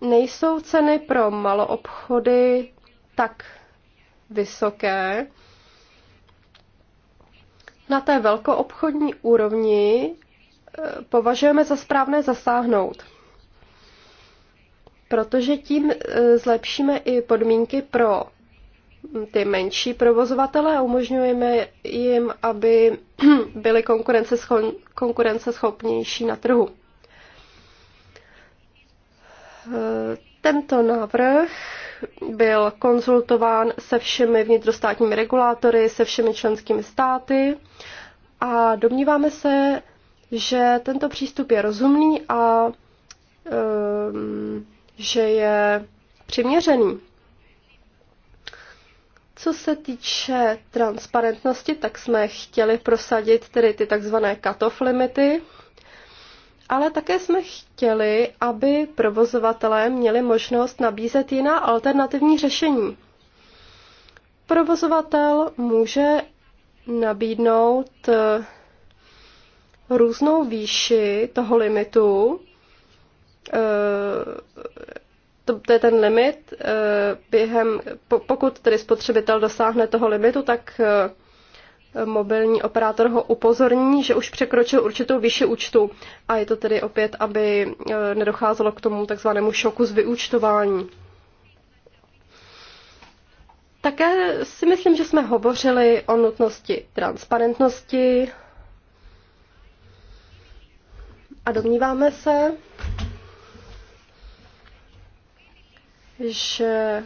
nejsou ceny pro maloobchody tak vysoké. Na té velkoobchodní úrovni eh, považujeme za správné zasáhnout, protože tím eh, zlepšíme i podmínky pro ty menší provozovatele a umožňujeme jim, aby byli konkurenceschopnější na trhu. Eh, tento návrh byl konzultován se všemi vnitrostátními regulátory, se všemi členskými státy a domníváme se, že tento přístup je rozumný a um, že je přiměřený. Co se týče transparentnosti, tak jsme chtěli prosadit tedy ty takzvané cut-off limity, ale také jsme chtěli, aby provozovatelé měli možnost nabízet jiná alternativní řešení. Provozovatel může nabídnout eh, různou výši toho limitu, eh, to, to je ten limit. Eh, během, pokud tedy spotřebitel dosáhne toho limitu, tak eh, mobilní operátor ho upozorní, že už překročil určitou výši účtu a je to tedy opět, aby eh, nedocházelo k tomu takzvanému šoku z vyúčtování. Také si myslím, že jsme hovořili o nutnosti transparentnosti a domníváme se, že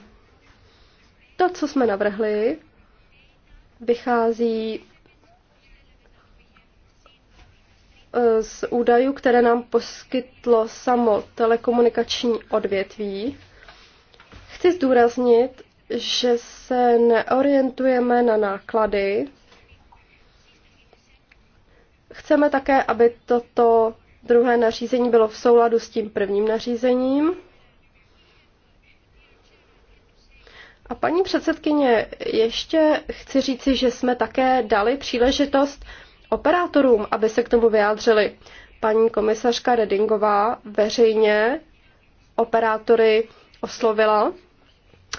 to, co jsme navrhli, vychází e, z údajů, které nám poskytlo samo telekomunikační odvětví. Chci zdůraznit, že se neorientujeme na náklady. Chceme také, aby toto druhé nařízení bylo v souladu s tím prvním nařízením. A paní předsedkyně, ještě chci říci, že jsme také dali příležitost operátorům, aby se k tomu vyjádřili. Paní komisařka Redingová veřejně operátory oslovila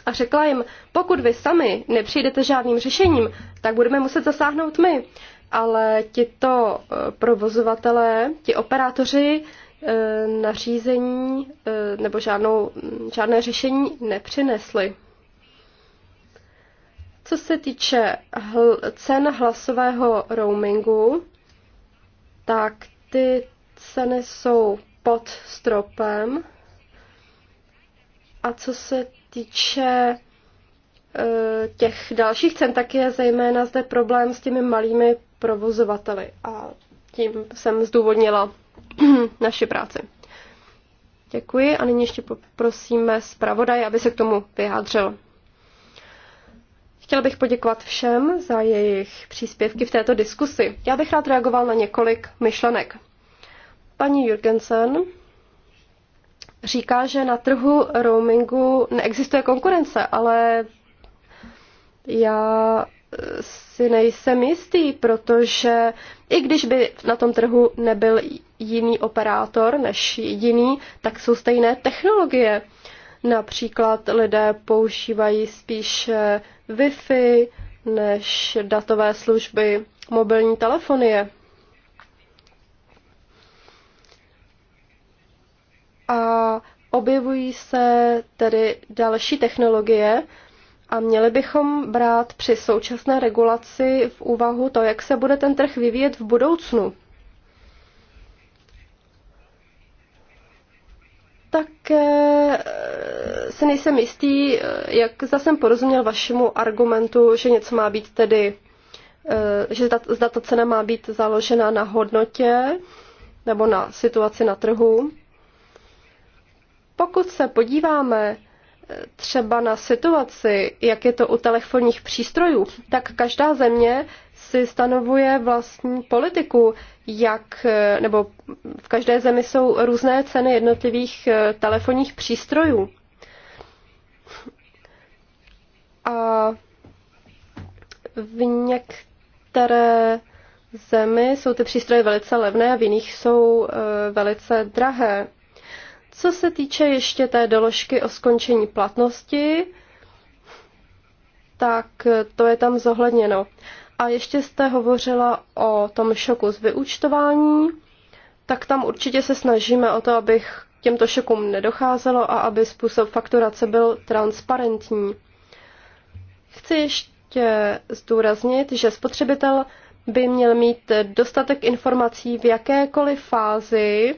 a řekla jim, pokud vy sami nepřijdete žádným řešením, tak budeme muset zasáhnout my. Ale tito eh, provozovatelé, ti operátoři eh, nařízení eh, nebo žádnou, žádné řešení nepřinesli. Co se týče hl- cen hlasového roamingu, tak ty ceny jsou pod stropem. A co se týče e, těch dalších cen, tak je zejména zde problém s těmi malými provozovateli. A tím jsem zdůvodnila naši práci. Děkuji a nyní ještě poprosíme zpravodaj, aby se k tomu vyjádřil. Chtěla bych poděkovat všem za jejich příspěvky v této diskusi. Já bych rád reagoval na několik myšlenek. Paní Jurgensen říká, že na trhu roamingu neexistuje konkurence, ale já si nejsem jistý, protože i když by na tom trhu nebyl jiný operátor než jiný, tak jsou stejné technologie. Například lidé používají spíše eh, Wi-Fi než datové služby mobilní telefonie. A objevují se tedy další technologie a měli bychom brát při současné regulaci v úvahu to, jak se bude ten trh vyvíjet v budoucnu. Tak eh, se nejsem jistý, eh, jak zase porozuměl vašemu argumentu, že něco má být tedy, eh, že zda ta cena má být založena na hodnotě nebo na situaci na trhu. Pokud se podíváme třeba na situaci, jak je to u telefonních přístrojů, tak každá země si stanovuje vlastní politiku, jak, nebo v každé zemi jsou různé ceny jednotlivých eh, telefonních přístrojů. A v některé zemi jsou ty přístroje velice levné a v jiných jsou eh, velice drahé. Co se týče ještě té doložky o skončení platnosti, tak eh, to je tam zohledněno. A ještě jste hovořila o tom šoku z vyučtování, tak tam určitě se snažíme o to, abych těmto šokům nedocházelo a aby způsob fakturace byl transparentní. Chci ještě zdůraznit, že spotřebitel by měl mít dostatek informací v jakékoliv fázi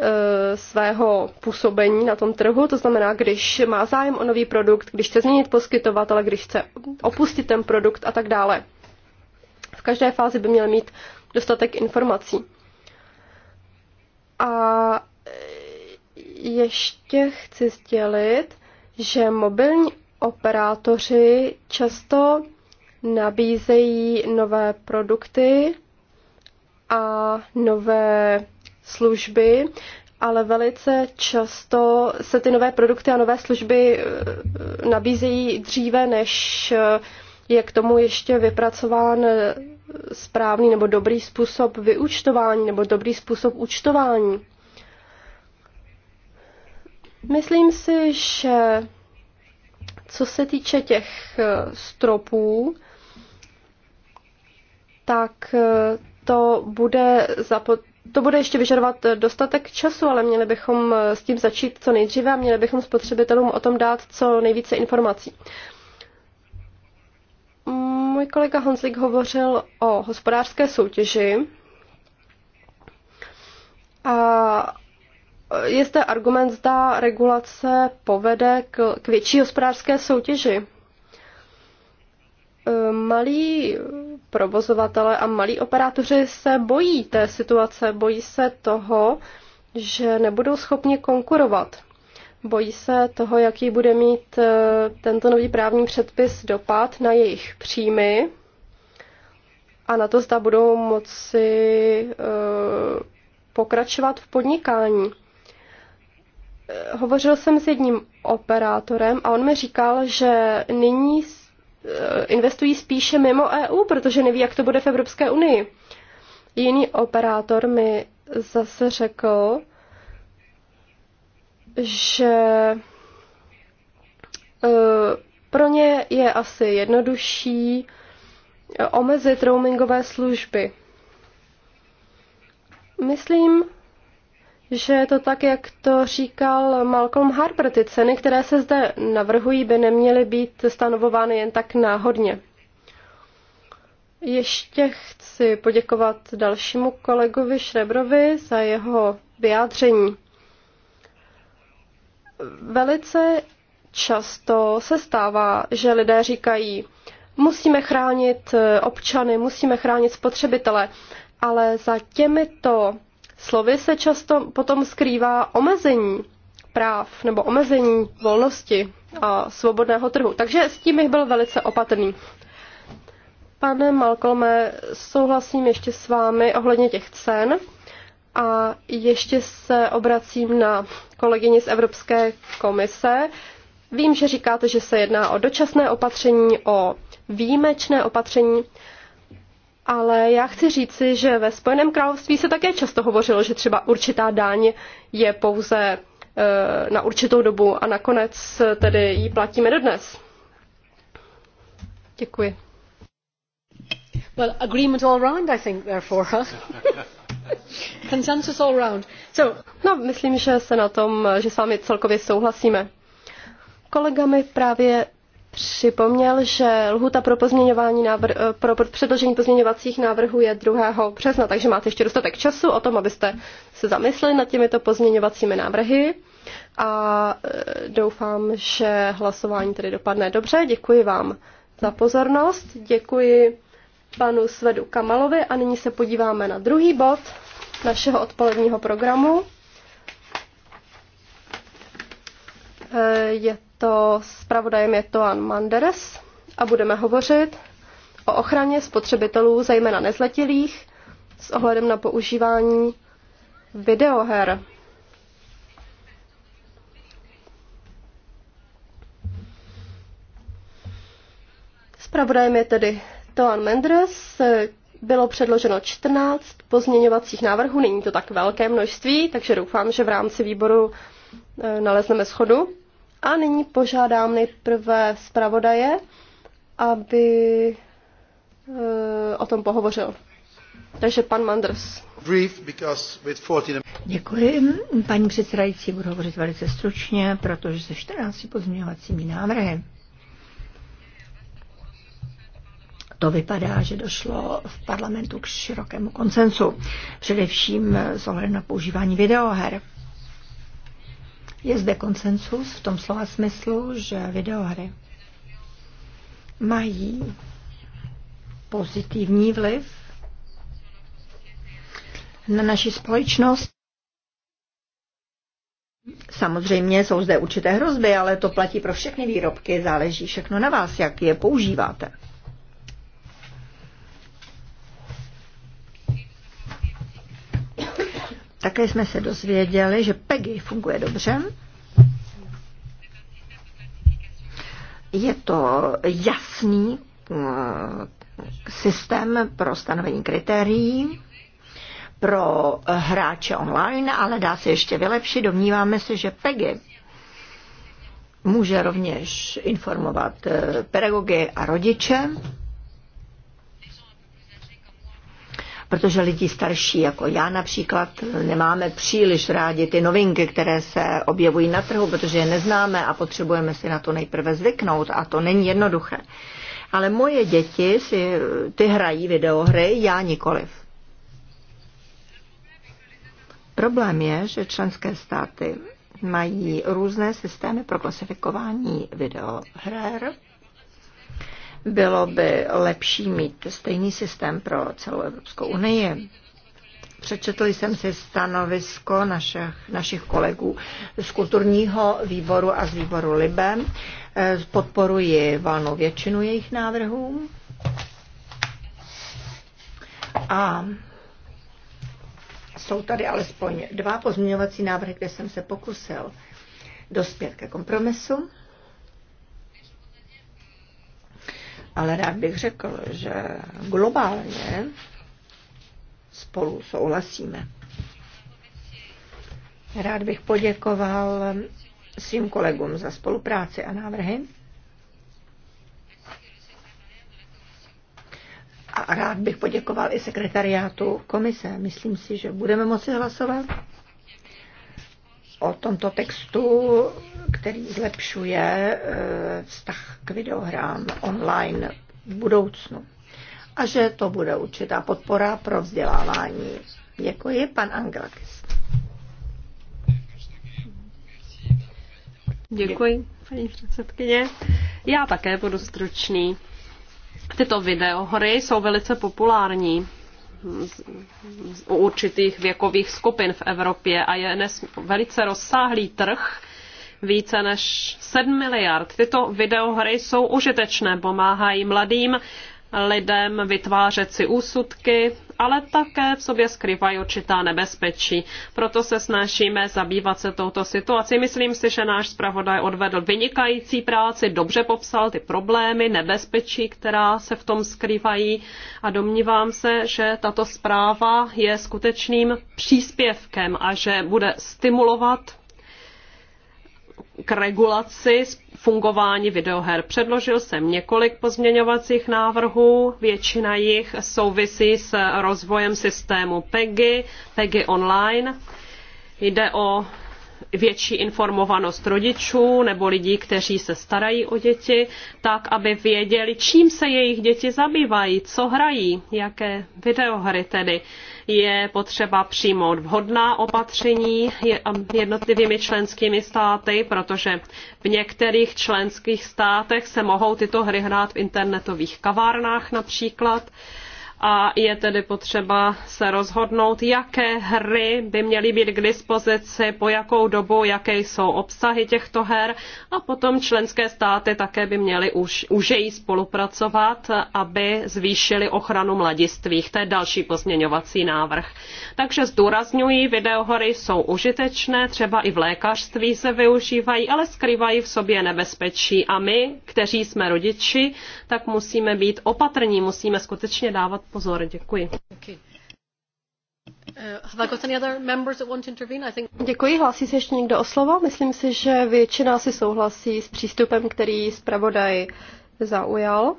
eh, svého působení na tom trhu, to znamená, když má zájem o nový produkt, když chce změnit poskytovatele, když chce opustit ten produkt a tak dále. V každé fázi by měl mít dostatek informací. A ještě chci sdělit, že mobilní operátoři často nabízejí nové produkty a nové služby, ale velice často se ty nové produkty a nové služby eh, nabízejí dříve, než eh, je k tomu ještě vypracován eh, správný nebo dobrý způsob vyúčtování nebo dobrý způsob účtování. Myslím si, že co se týče těch eh, stropů, tak eh, to bude, zapo- to bude ještě vyžadovat dostatek času, ale měli bychom s tím začít co nejdříve a měli bychom spotřebitelům o tom dát co nejvíce informací. Můj kolega Honzlik hovořil o hospodářské soutěži a je zde argument, zda regulace povede k, k větší hospodářské soutěži. Malí provozovatele a malí operátoři se bojí té situace, bojí se toho, že nebudou schopni konkurovat. Bojí se toho, jaký bude mít e, tento nový právní předpis dopad na jejich příjmy a na to, zda budou moci e, pokračovat v podnikání. E, hovořil jsem s jedním operátorem a on mi říkal, že nyní investují spíše mimo EU, protože neví, jak to bude v Evropské unii. Jiný operátor mi zase řekl, že e, pro ně je asi jednodušší e, omezit roamingové služby. Myslím, že je to tak, jak to říkal Malcolm Harper. Ty ceny, které se zde navrhují, by neměly být stanovovány jen tak náhodně. Ještě chci poděkovat dalšímu kolegovi Šrebrovi za jeho vyjádření velice často se stává, že lidé říkají, musíme chránit eh, občany, musíme chránit spotřebitele, ale za těmito slovy se často potom skrývá omezení práv nebo omezení volnosti a svobodného trhu. Takže s tím bych byl velice opatrný. Pane Malcolme, souhlasím ještě s vámi ohledně těch cen. A ještě se obracím na kolegyni z Evropské komise. Vím, že říkáte, že se jedná o dočasné opatření, o výjimečné opatření, ale já chci říci, že ve Spojeném království se také často hovořilo, že třeba určitá daň je pouze e, na určitou dobu a nakonec tedy ji platíme dodnes. Děkuji. Well, agreement all round, I think, therefore. Huh? Consensus all round. So. No, myslím, že se na tom, že s vámi celkově souhlasíme. Kolega mi právě připomněl, že lhuta pro, pozměňování návr- pro předložení pozměňovacích návrhů je 2. března, takže máte ještě dostatek času o tom, abyste se zamysleli nad těmito pozměňovacími návrhy a e, doufám, že hlasování tedy dopadne dobře. Děkuji vám za pozornost, děkuji panu Svedu Kamalovi a nyní se podíváme na druhý bod našeho odpoledního programu. E, je to, zpravodajem je Toan Manderes a budeme hovořit o ochraně spotřebitelů, zejména nezletilých, s ohledem na používání videoher. Spravodajem je tedy Toan Mendres eh, bylo předloženo 14 pozměňovacích návrhů, není to tak velké množství, takže doufám, že v rámci výboru eh, nalezneme schodu. A nyní požádám nejprve zpravodaje, aby eh, o tom pohovořil. Takže pan Manders. Děkuji. Paní předsedající, budu hovořit velice stručně, protože se 14 pozměňovacími návrhy to vypadá, že došlo v parlamentu k širokému konsensu, především s ohledem na používání videoher. Je zde konsensus v tom slova smyslu, že videohry mají pozitivní vliv na naši společnost. Samozřejmě jsou zde určité hrozby, ale to platí pro všechny výrobky, záleží všechno na vás, jak je používáte. Také jsme se dozvěděli, že PEGI funguje dobře. Je to jasný eh, systém pro stanovení kritérií pro hráče online, ale dá se ještě vylepšit. Domníváme se, že PEGI může rovněž informovat eh, pedagogy a rodiče protože lidi starší, jako já například, nemáme příliš rádi ty novinky, které se objevují na trhu, protože je neznáme a potřebujeme si na to nejprve zvyknout a to není jednoduché. Ale moje děti si, ty hrají videohry, já nikoliv. Problém je, že členské státy mají různé systémy pro klasifikování videoher bylo by lepší mít stejný systém pro celou Evropskou unii. Přečetl jsem si stanovisko našich, našich kolegů z kulturního výboru a z výboru Libe. E, podporuji valnou většinu jejich návrhů. A jsou tady alespoň dva pozměňovací návrhy, kde jsem se pokusil dospět ke kompromisu. ale rád bych řekl, že globálně spolu souhlasíme. Rád bych poděkoval svým kolegům za spolupráci a návrhy. A rád bych poděkoval i sekretariátu komise. Myslím si, že budeme moci hlasovat o tomto textu, který zlepšuje eh, vztah k videohrám online v budoucnu. A že to bude určitá podpora pro vzdělávání. Děkuji, pan Angelakis. Děkuji, paní předsedkyně. Já také budu stručný. Tyto videohory jsou velice populární u určitých věkových skupin v Evropě a je nes, velice rozsáhlý trh, více než 7 miliard. Tyto videohry jsou užitečné, pomáhají mladým lidem vytvářet si úsudky, ale také v sobě skrývají určitá nebezpečí. Proto se snažíme zabývat se touto situací. Myslím si, že náš zpravodaj odvedl vynikající práci, dobře popsal ty problémy, nebezpečí, která se v tom skrývají a domnívám se, že tato zpráva je skutečným příspěvkem a že bude stimulovat k regulaci fungování videoher. Předložil jsem několik pozměňovacích návrhů, většina jich souvisí s rozvojem systému PEGI, PEGI Online. Jde o větší informovanost rodičů nebo lidí, kteří se starají o děti, tak aby věděli, čím se jejich děti zabývají, co hrají, jaké videohry tedy. Je potřeba přijmout vhodná opatření jednotlivými členskými státy, protože v některých členských státech se mohou tyto hry hrát v internetových kavárnách například a je tedy potřeba se rozhodnout, jaké hry by měly být k dispozici, po jakou dobu, jaké jsou obsahy těchto her a potom členské státy také by měly už, užeji spolupracovat, aby zvýšili ochranu mladistvých. To je další pozměňovací návrh. Takže zdůrazňuji, videohory jsou užitečné, třeba i v lékařství se využívají, ale skrývají v sobě nebezpečí a my, kteří jsme rodiči, tak musíme být opatrní, musíme skutečně dávat pozor. Děkuji. Uh, děkuji, hlásí se ještě někdo o slovo? Myslím si, že většina si souhlasí s přístupem, který zpravodaj zaujal.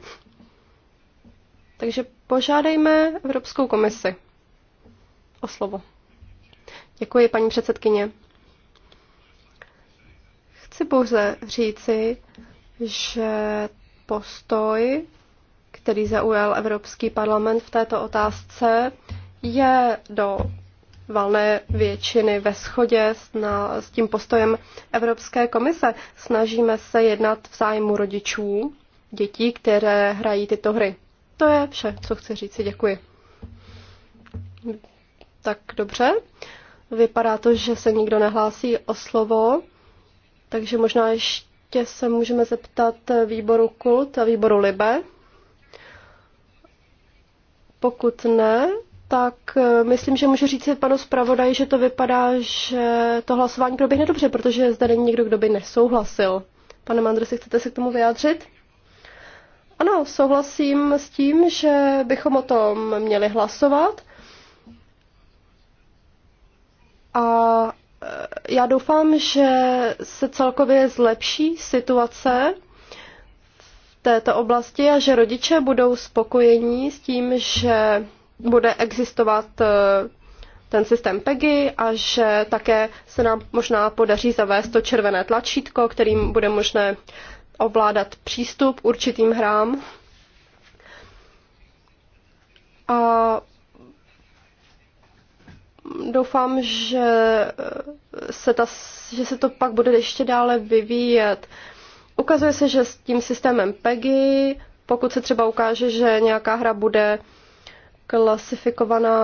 Takže požádejme Evropskou komisi o slovo. Děkuji, paní předsedkyně. Chci pouze říci, že postoj který zaujal Evropský parlament v této otázce, je do valné většiny ve shodě s, na, s tím postojem Evropské komise. Snažíme se jednat v zájmu rodičů, dětí, které hrají tyto hry. To je vše, co chci říct. Děkuji. Tak dobře. Vypadá to, že se nikdo nehlásí o slovo, takže možná ještě se můžeme zeptat výboru Kult a výboru Libe. Pokud ne, tak eh, myslím, že můžu říct panu zpravodaji, že to vypadá, že to hlasování proběhne dobře, protože zde není někdo, kdo by nesouhlasil. Pane Mandrsi, chcete se k tomu vyjádřit? Ano, souhlasím s tím, že bychom o tom měli hlasovat. A eh, já doufám, že se celkově zlepší situace této oblasti a že rodiče budou spokojení s tím, že bude existovat e, ten systém PEGI a že také se nám možná podaří zavést to červené tlačítko, kterým bude možné ovládat přístup určitým hrám. A doufám, že e, se, ta, že se to pak bude ještě dále vyvíjet. Ukazuje se, že s tím systémem PEGI, pokud se třeba ukáže, že nějaká hra bude klasifikovaná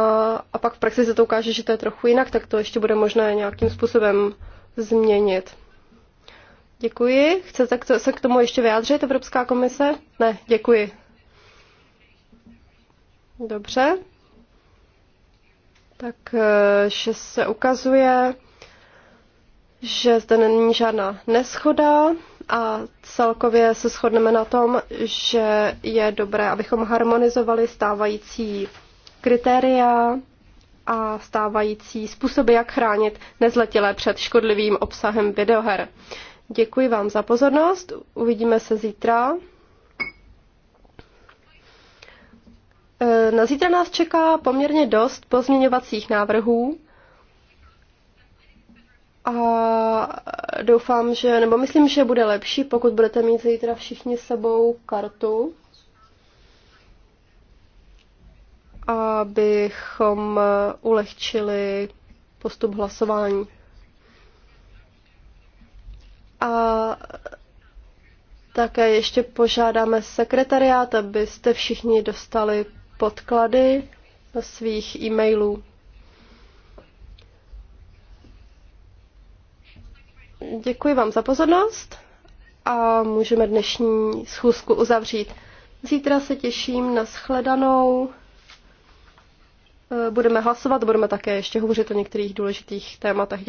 a pak v praxi se to ukáže, že to je trochu jinak, tak to ještě bude možné nějakým způsobem změnit. Děkuji. Chcete se k tomu ještě vyjádřit, Evropská komise? Ne, děkuji. Dobře. Tak, eh, že se ukazuje, že zde není žádná neschoda a celkově se shodneme na tom, že je dobré, abychom harmonizovali stávající kritéria a stávající způsoby, jak chránit nezletilé před škodlivým obsahem videoher. Děkuji vám za pozornost, uvidíme se zítra. E, na zítra nás čeká poměrně dost pozměňovacích návrhů a doufám, že, nebo myslím, že bude lepší, pokud budete mít zítra všichni s sebou kartu, abychom ulehčili postup hlasování. A také ještě požádáme sekretariát, abyste všichni dostali podklady do svých e-mailů. Děkuji vám za pozornost a můžeme dnešní schůzku uzavřít. Zítra se těším na shledanou. E, budeme hlasovat, budeme také ještě hovořit o některých důležitých tématech.